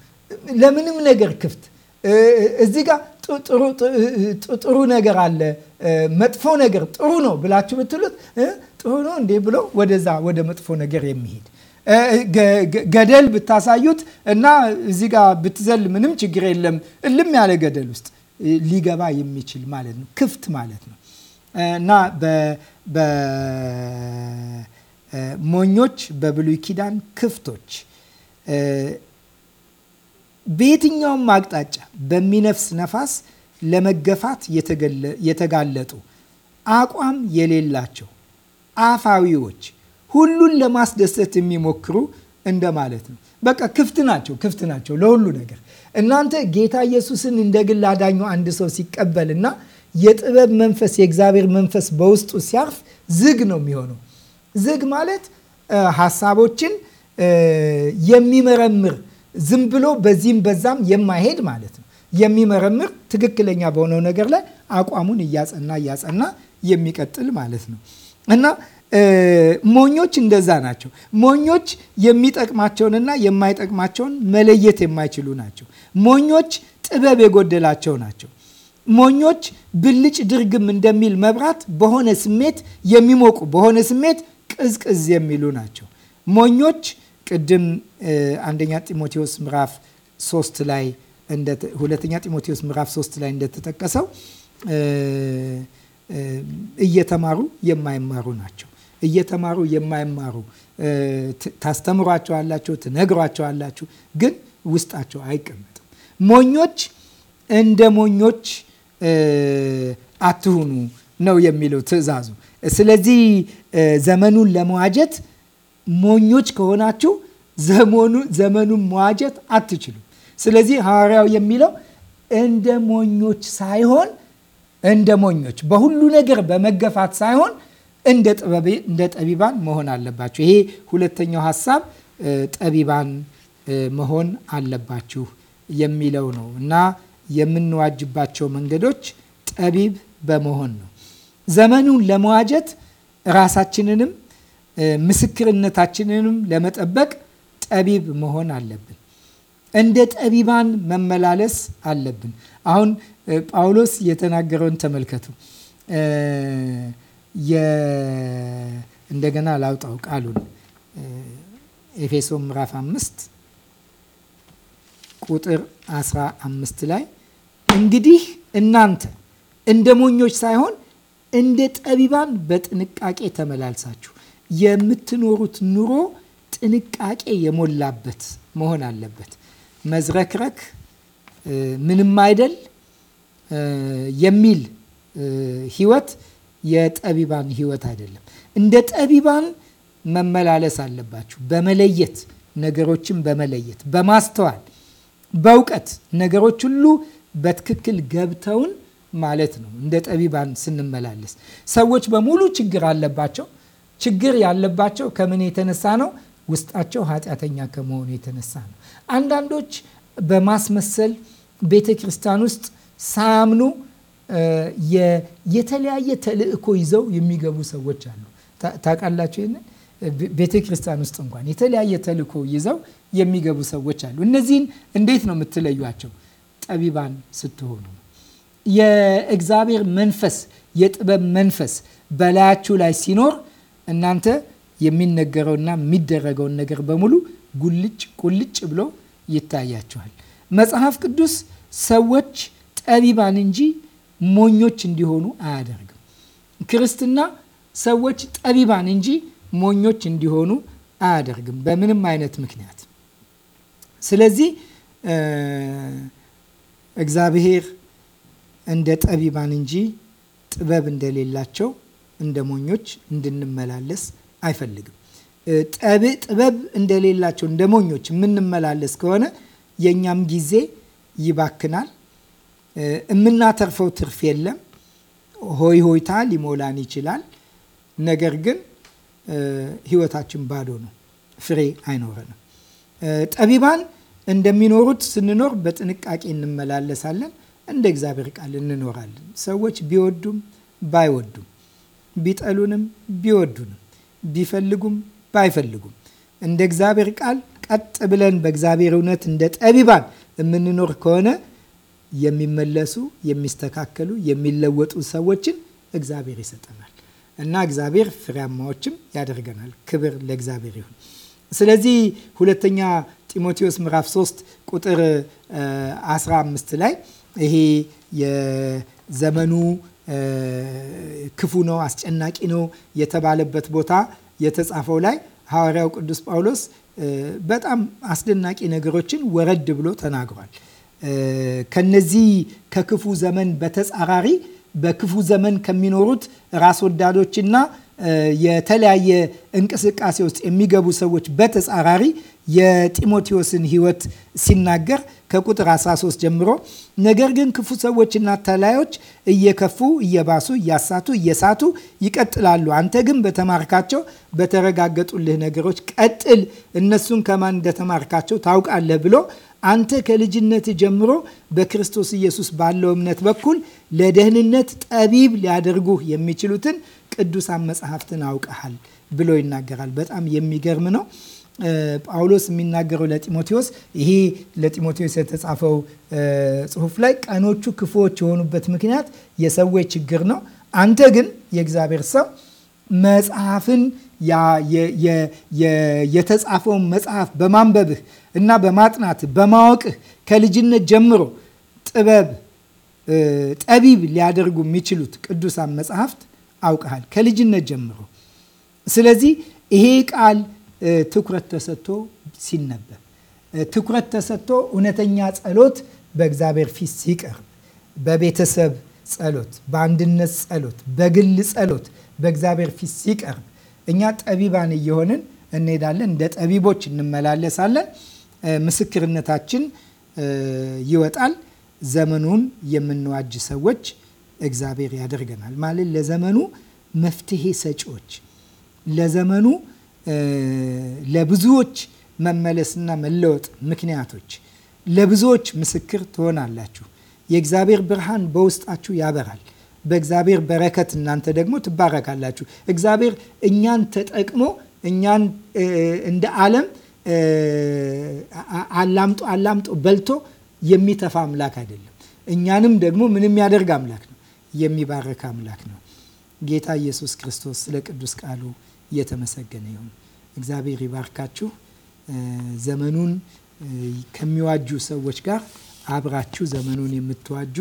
ለምንም ነገር ክፍት እዚ ጋር ጥሩ ነገር አለ፣ መጥፎ ነገር ጥሩ ነው ብላችሁ ብትሉት ጥሩ ነው እንዴ ብሎ ወደዛ ወደ መጥፎ ነገር የሚሄድ ገደል ብታሳዩት እና እዚ ጋር ብትዘል ምንም ችግር የለም እልም ያለ ገደል ውስጥ ሊገባ የሚችል ማለት ነው፣ ክፍት ማለት ነው እና በሞኞች በብሉይ ኪዳን ክፍቶች በየትኛውም አቅጣጫ በሚነፍስ ነፋስ ለመገፋት የተጋለጡ አቋም የሌላቸው አፋዊዎች፣ ሁሉን ለማስደሰት የሚሞክሩ እንደማለት ነው። በቃ ክፍት ናቸው፣ ክፍት ናቸው ለሁሉ ነገር። እናንተ ጌታ ኢየሱስን እንደ ግል አዳኙ አንድ ሰው ሲቀበልና የጥበብ መንፈስ የእግዚአብሔር መንፈስ በውስጡ ሲያርፍ ዝግ ነው የሚሆነው። ዝግ ማለት ሀሳቦችን የሚመረምር ዝም ብሎ በዚህም በዛም የማይሄድ ማለት ነው። የሚመረምር ትክክለኛ በሆነው ነገር ላይ አቋሙን እያጸና እያጸና የሚቀጥል ማለት ነው እና ሞኞች እንደዛ ናቸው። ሞኞች የሚጠቅማቸውንና የማይጠቅማቸውን መለየት የማይችሉ ናቸው። ሞኞች ጥበብ የጎደላቸው ናቸው። ሞኞች ብልጭ ድርግም እንደሚል መብራት በሆነ ስሜት የሚሞቁ በሆነ ስሜት ቅዝቅዝ የሚሉ ናቸው። ሞኞች ቅድም አንደኛ ጢሞቴዎስ ምዕራፍ ሶስት ላይ ሁለተኛ ጢሞቴዎስ ምዕራፍ ሶስት ላይ እንደተጠቀሰው እየተማሩ የማይማሩ ናቸው። እየተማሩ የማይማሩ ታስተምሯቸዋላችሁ፣ ትነግሯቸዋላችሁ፣ ግን ውስጣቸው አይቀመጥም። ሞኞች እንደ ሞኞች አትሁኑ ነው የሚለው ትዕዛዙ። ስለዚህ ዘመኑን ለመዋጀት ሞኞች ከሆናችሁ ዘመኑ ዘመኑን መዋጀት አትችሉም። ስለዚህ ሐዋርያው የሚለው እንደ ሞኞች ሳይሆን እንደ ሞኞች በሁሉ ነገር በመገፋት ሳይሆን እንደ ጠቢባን መሆን አለባችሁ። ይሄ ሁለተኛው ሀሳብ ጠቢባን መሆን አለባችሁ የሚለው ነው እና የምንዋጅባቸው መንገዶች ጠቢብ በመሆን ነው። ዘመኑን ለመዋጀት ራሳችንንም ምስክርነታችንንም ለመጠበቅ ጠቢብ መሆን አለብን። እንደ ጠቢባን መመላለስ አለብን። አሁን ጳውሎስ የተናገረውን ተመልከቱ። እንደገና ላውጣው ቃሉን ኤፌሶ ምዕራፍ አምስት ቁጥር 15 ላይ እንግዲህ እናንተ እንደ ሞኞች ሳይሆን እንደ ጠቢባን በጥንቃቄ ተመላልሳችሁ የምትኖሩት ኑሮ ጥንቃቄ የሞላበት መሆን አለበት። መዝረክረክ ምንም አይደል የሚል ህይወት የጠቢባን ህይወት አይደለም። እንደ ጠቢባን መመላለስ አለባችሁ። በመለየት ነገሮችን በመለየት በማስተዋል በእውቀት ነገሮች ሁሉ በትክክል ገብተውን ማለት ነው። እንደ ጠቢባን ስንመላለስ ሰዎች በሙሉ ችግር አለባቸው ችግር ያለባቸው ከምን የተነሳ ነው? ውስጣቸው ኃጢአተኛ ከመሆኑ የተነሳ ነው። አንዳንዶች በማስመሰል ቤተ ክርስቲያን ውስጥ ሳያምኑ የተለያየ ተልእኮ ይዘው የሚገቡ ሰዎች አሉ። ታውቃላችሁ ይህንን ቤተ ክርስቲያን ውስጥ እንኳን የተለያየ ተልእኮ ይዘው የሚገቡ ሰዎች አሉ። እነዚህን እንዴት ነው የምትለዩቸው? ጠቢባን ስትሆኑ የእግዚአብሔር መንፈስ የጥበብ መንፈስ በላያችሁ ላይ ሲኖር እናንተ የሚነገረውና የሚደረገውን ነገር በሙሉ ጉልጭ ቁልጭ ብሎ ይታያችኋል። መጽሐፍ ቅዱስ ሰዎች ጠቢባን እንጂ ሞኞች እንዲሆኑ አያደርግም። ክርስትና ሰዎች ጠቢባን እንጂ ሞኞች እንዲሆኑ አያደርግም በምንም አይነት ምክንያት። ስለዚህ እግዚአብሔር እንደ ጠቢባን እንጂ ጥበብ እንደሌላቸው እንደ ሞኞች እንድንመላለስ አይፈልግም። ጥበብ እንደሌላቸው እንደ ሞኞች የምንመላለስ ከሆነ የእኛም ጊዜ ይባክናል። የምናተርፈው ትርፍ የለም። ሆይ ሆይታ ሊሞላን ይችላል። ነገር ግን ህይወታችን ባዶ ነው፣ ፍሬ አይኖረንም። ጠቢባን እንደሚኖሩት ስንኖር በጥንቃቄ እንመላለሳለን፣ እንደ እግዚአብሔር ቃል እንኖራለን። ሰዎች ቢወዱም ባይወዱም ቢጠሉንም ቢወዱንም ቢፈልጉም ባይፈልጉም እንደ እግዚአብሔር ቃል ቀጥ ብለን በእግዚአብሔር እውነት እንደ ጠቢባን የምንኖር ከሆነ የሚመለሱ የሚስተካከሉ፣ የሚለወጡ ሰዎችን እግዚአብሔር ይሰጠናል እና እግዚአብሔር ፍሬያማዎችም ያደርገናል። ክብር ለእግዚአብሔር ይሁን። ስለዚህ ሁለተኛ ጢሞቴዎስ ምዕራፍ 3 ቁጥር 15 ላይ ይሄ የዘመኑ ክፉ ነው፣ አስጨናቂ ነው የተባለበት ቦታ የተጻፈው ላይ ሐዋርያው ቅዱስ ጳውሎስ በጣም አስደናቂ ነገሮችን ወረድ ብሎ ተናግሯል። ከነዚህ ከክፉ ዘመን በተጻራሪ በክፉ ዘመን ከሚኖሩት ራስ ወዳዶችና የተለያየ እንቅስቃሴ ውስጥ የሚገቡ ሰዎች በተጻራሪ የጢሞቴዎስን ሕይወት ሲናገር ከቁጥር 13 ጀምሮ ነገር ግን ክፉ ሰዎችና ተላዮች እየከፉ እየባሱ እያሳቱ እየሳቱ ይቀጥላሉ። አንተ ግን በተማርካቸው በተረጋገጡልህ ነገሮች ቀጥል፣ እነሱን ከማን እንደተማርካቸው ታውቃለህ ብሎ አንተ ከልጅነት ጀምሮ በክርስቶስ ኢየሱስ ባለው እምነት በኩል ለደህንነት ጠቢብ ሊያደርጉህ የሚችሉትን ቅዱሳን መጽሐፍትን አውቀሃል ብሎ ይናገራል። በጣም የሚገርም ነው። ጳውሎስ የሚናገረው ለጢሞቴዎስ ይሄ ለጢሞቴዎስ የተጻፈው ጽሁፍ ላይ ቀኖቹ ክፉዎች የሆኑበት ምክንያት የሰዎች ችግር ነው። አንተ ግን የእግዚአብሔር ሰው መጽሐፍን የተጻፈውን መጽሐፍ በማንበብህ እና በማጥናት በማወቅህ ከልጅነት ጀምሮ ጥበብ ጠቢብ ሊያደርጉ የሚችሉት ቅዱሳን መጽሐፍት አውቀሃል ከልጅነት ጀምሮ። ስለዚህ ይሄ ቃል ትኩረት ተሰጥቶ ሲነበብ፣ ትኩረት ተሰጥቶ እውነተኛ ጸሎት በእግዚአብሔር ፊት ሲቀርብ፣ በቤተሰብ ጸሎት፣ በአንድነት ጸሎት፣ በግል ጸሎት በእግዚአብሔር ፊት ሲቀርብ እኛ ጠቢባን እየሆንን እንሄዳለን። እንደ ጠቢቦች እንመላለሳለን። ምስክርነታችን ይወጣል። ዘመኑን የምንዋጅ ሰዎች እግዚአብሔር ያደርገናል ማለት ለዘመኑ መፍትሄ ሰጪዎች ለዘመኑ ለብዙዎች መመለስና መለወጥ ምክንያቶች፣ ለብዙዎች ምስክር ትሆናላችሁ። የእግዚአብሔር ብርሃን በውስጣችሁ ያበራል። በእግዚአብሔር በረከት እናንተ ደግሞ ትባረካላችሁ። እግዚአብሔር እኛን ተጠቅሞ እኛን እንደ ዓለም አላምጦ አላምጦ በልቶ የሚተፋ አምላክ አይደለም። እኛንም ደግሞ ምን የሚያደርግ አምላክ ነው? የሚባረክ አምላክ ነው። ጌታ ኢየሱስ ክርስቶስ ስለ ቅዱስ ቃሉ እየተመሰገነ ይሁን። እግዚአብሔር ይባርካችሁ። ዘመኑን ከሚዋጁ ሰዎች ጋር አብራችሁ ዘመኑን የምትዋጁ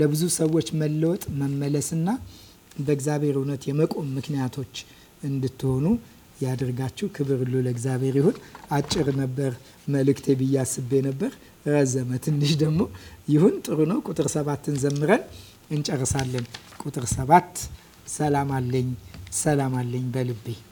ለብዙ ሰዎች መለወጥ መመለስና በእግዚአብሔር እውነት የመቆም ምክንያቶች እንድትሆኑ ያደርጋችሁ። ክብር ሁሉ ለእግዚአብሔር ይሁን። አጭር ነበር መልእክቴ ብዬ አስቤ ነበር፣ ረዘመ። ትንሽ ደግሞ ይሁን ጥሩ ነው። ቁጥር ሰባትን ዘምረን እንጨርሳለን። ቁጥር ሰባት ሰላም አለኝ፣ ሰላም አለኝ በልቤ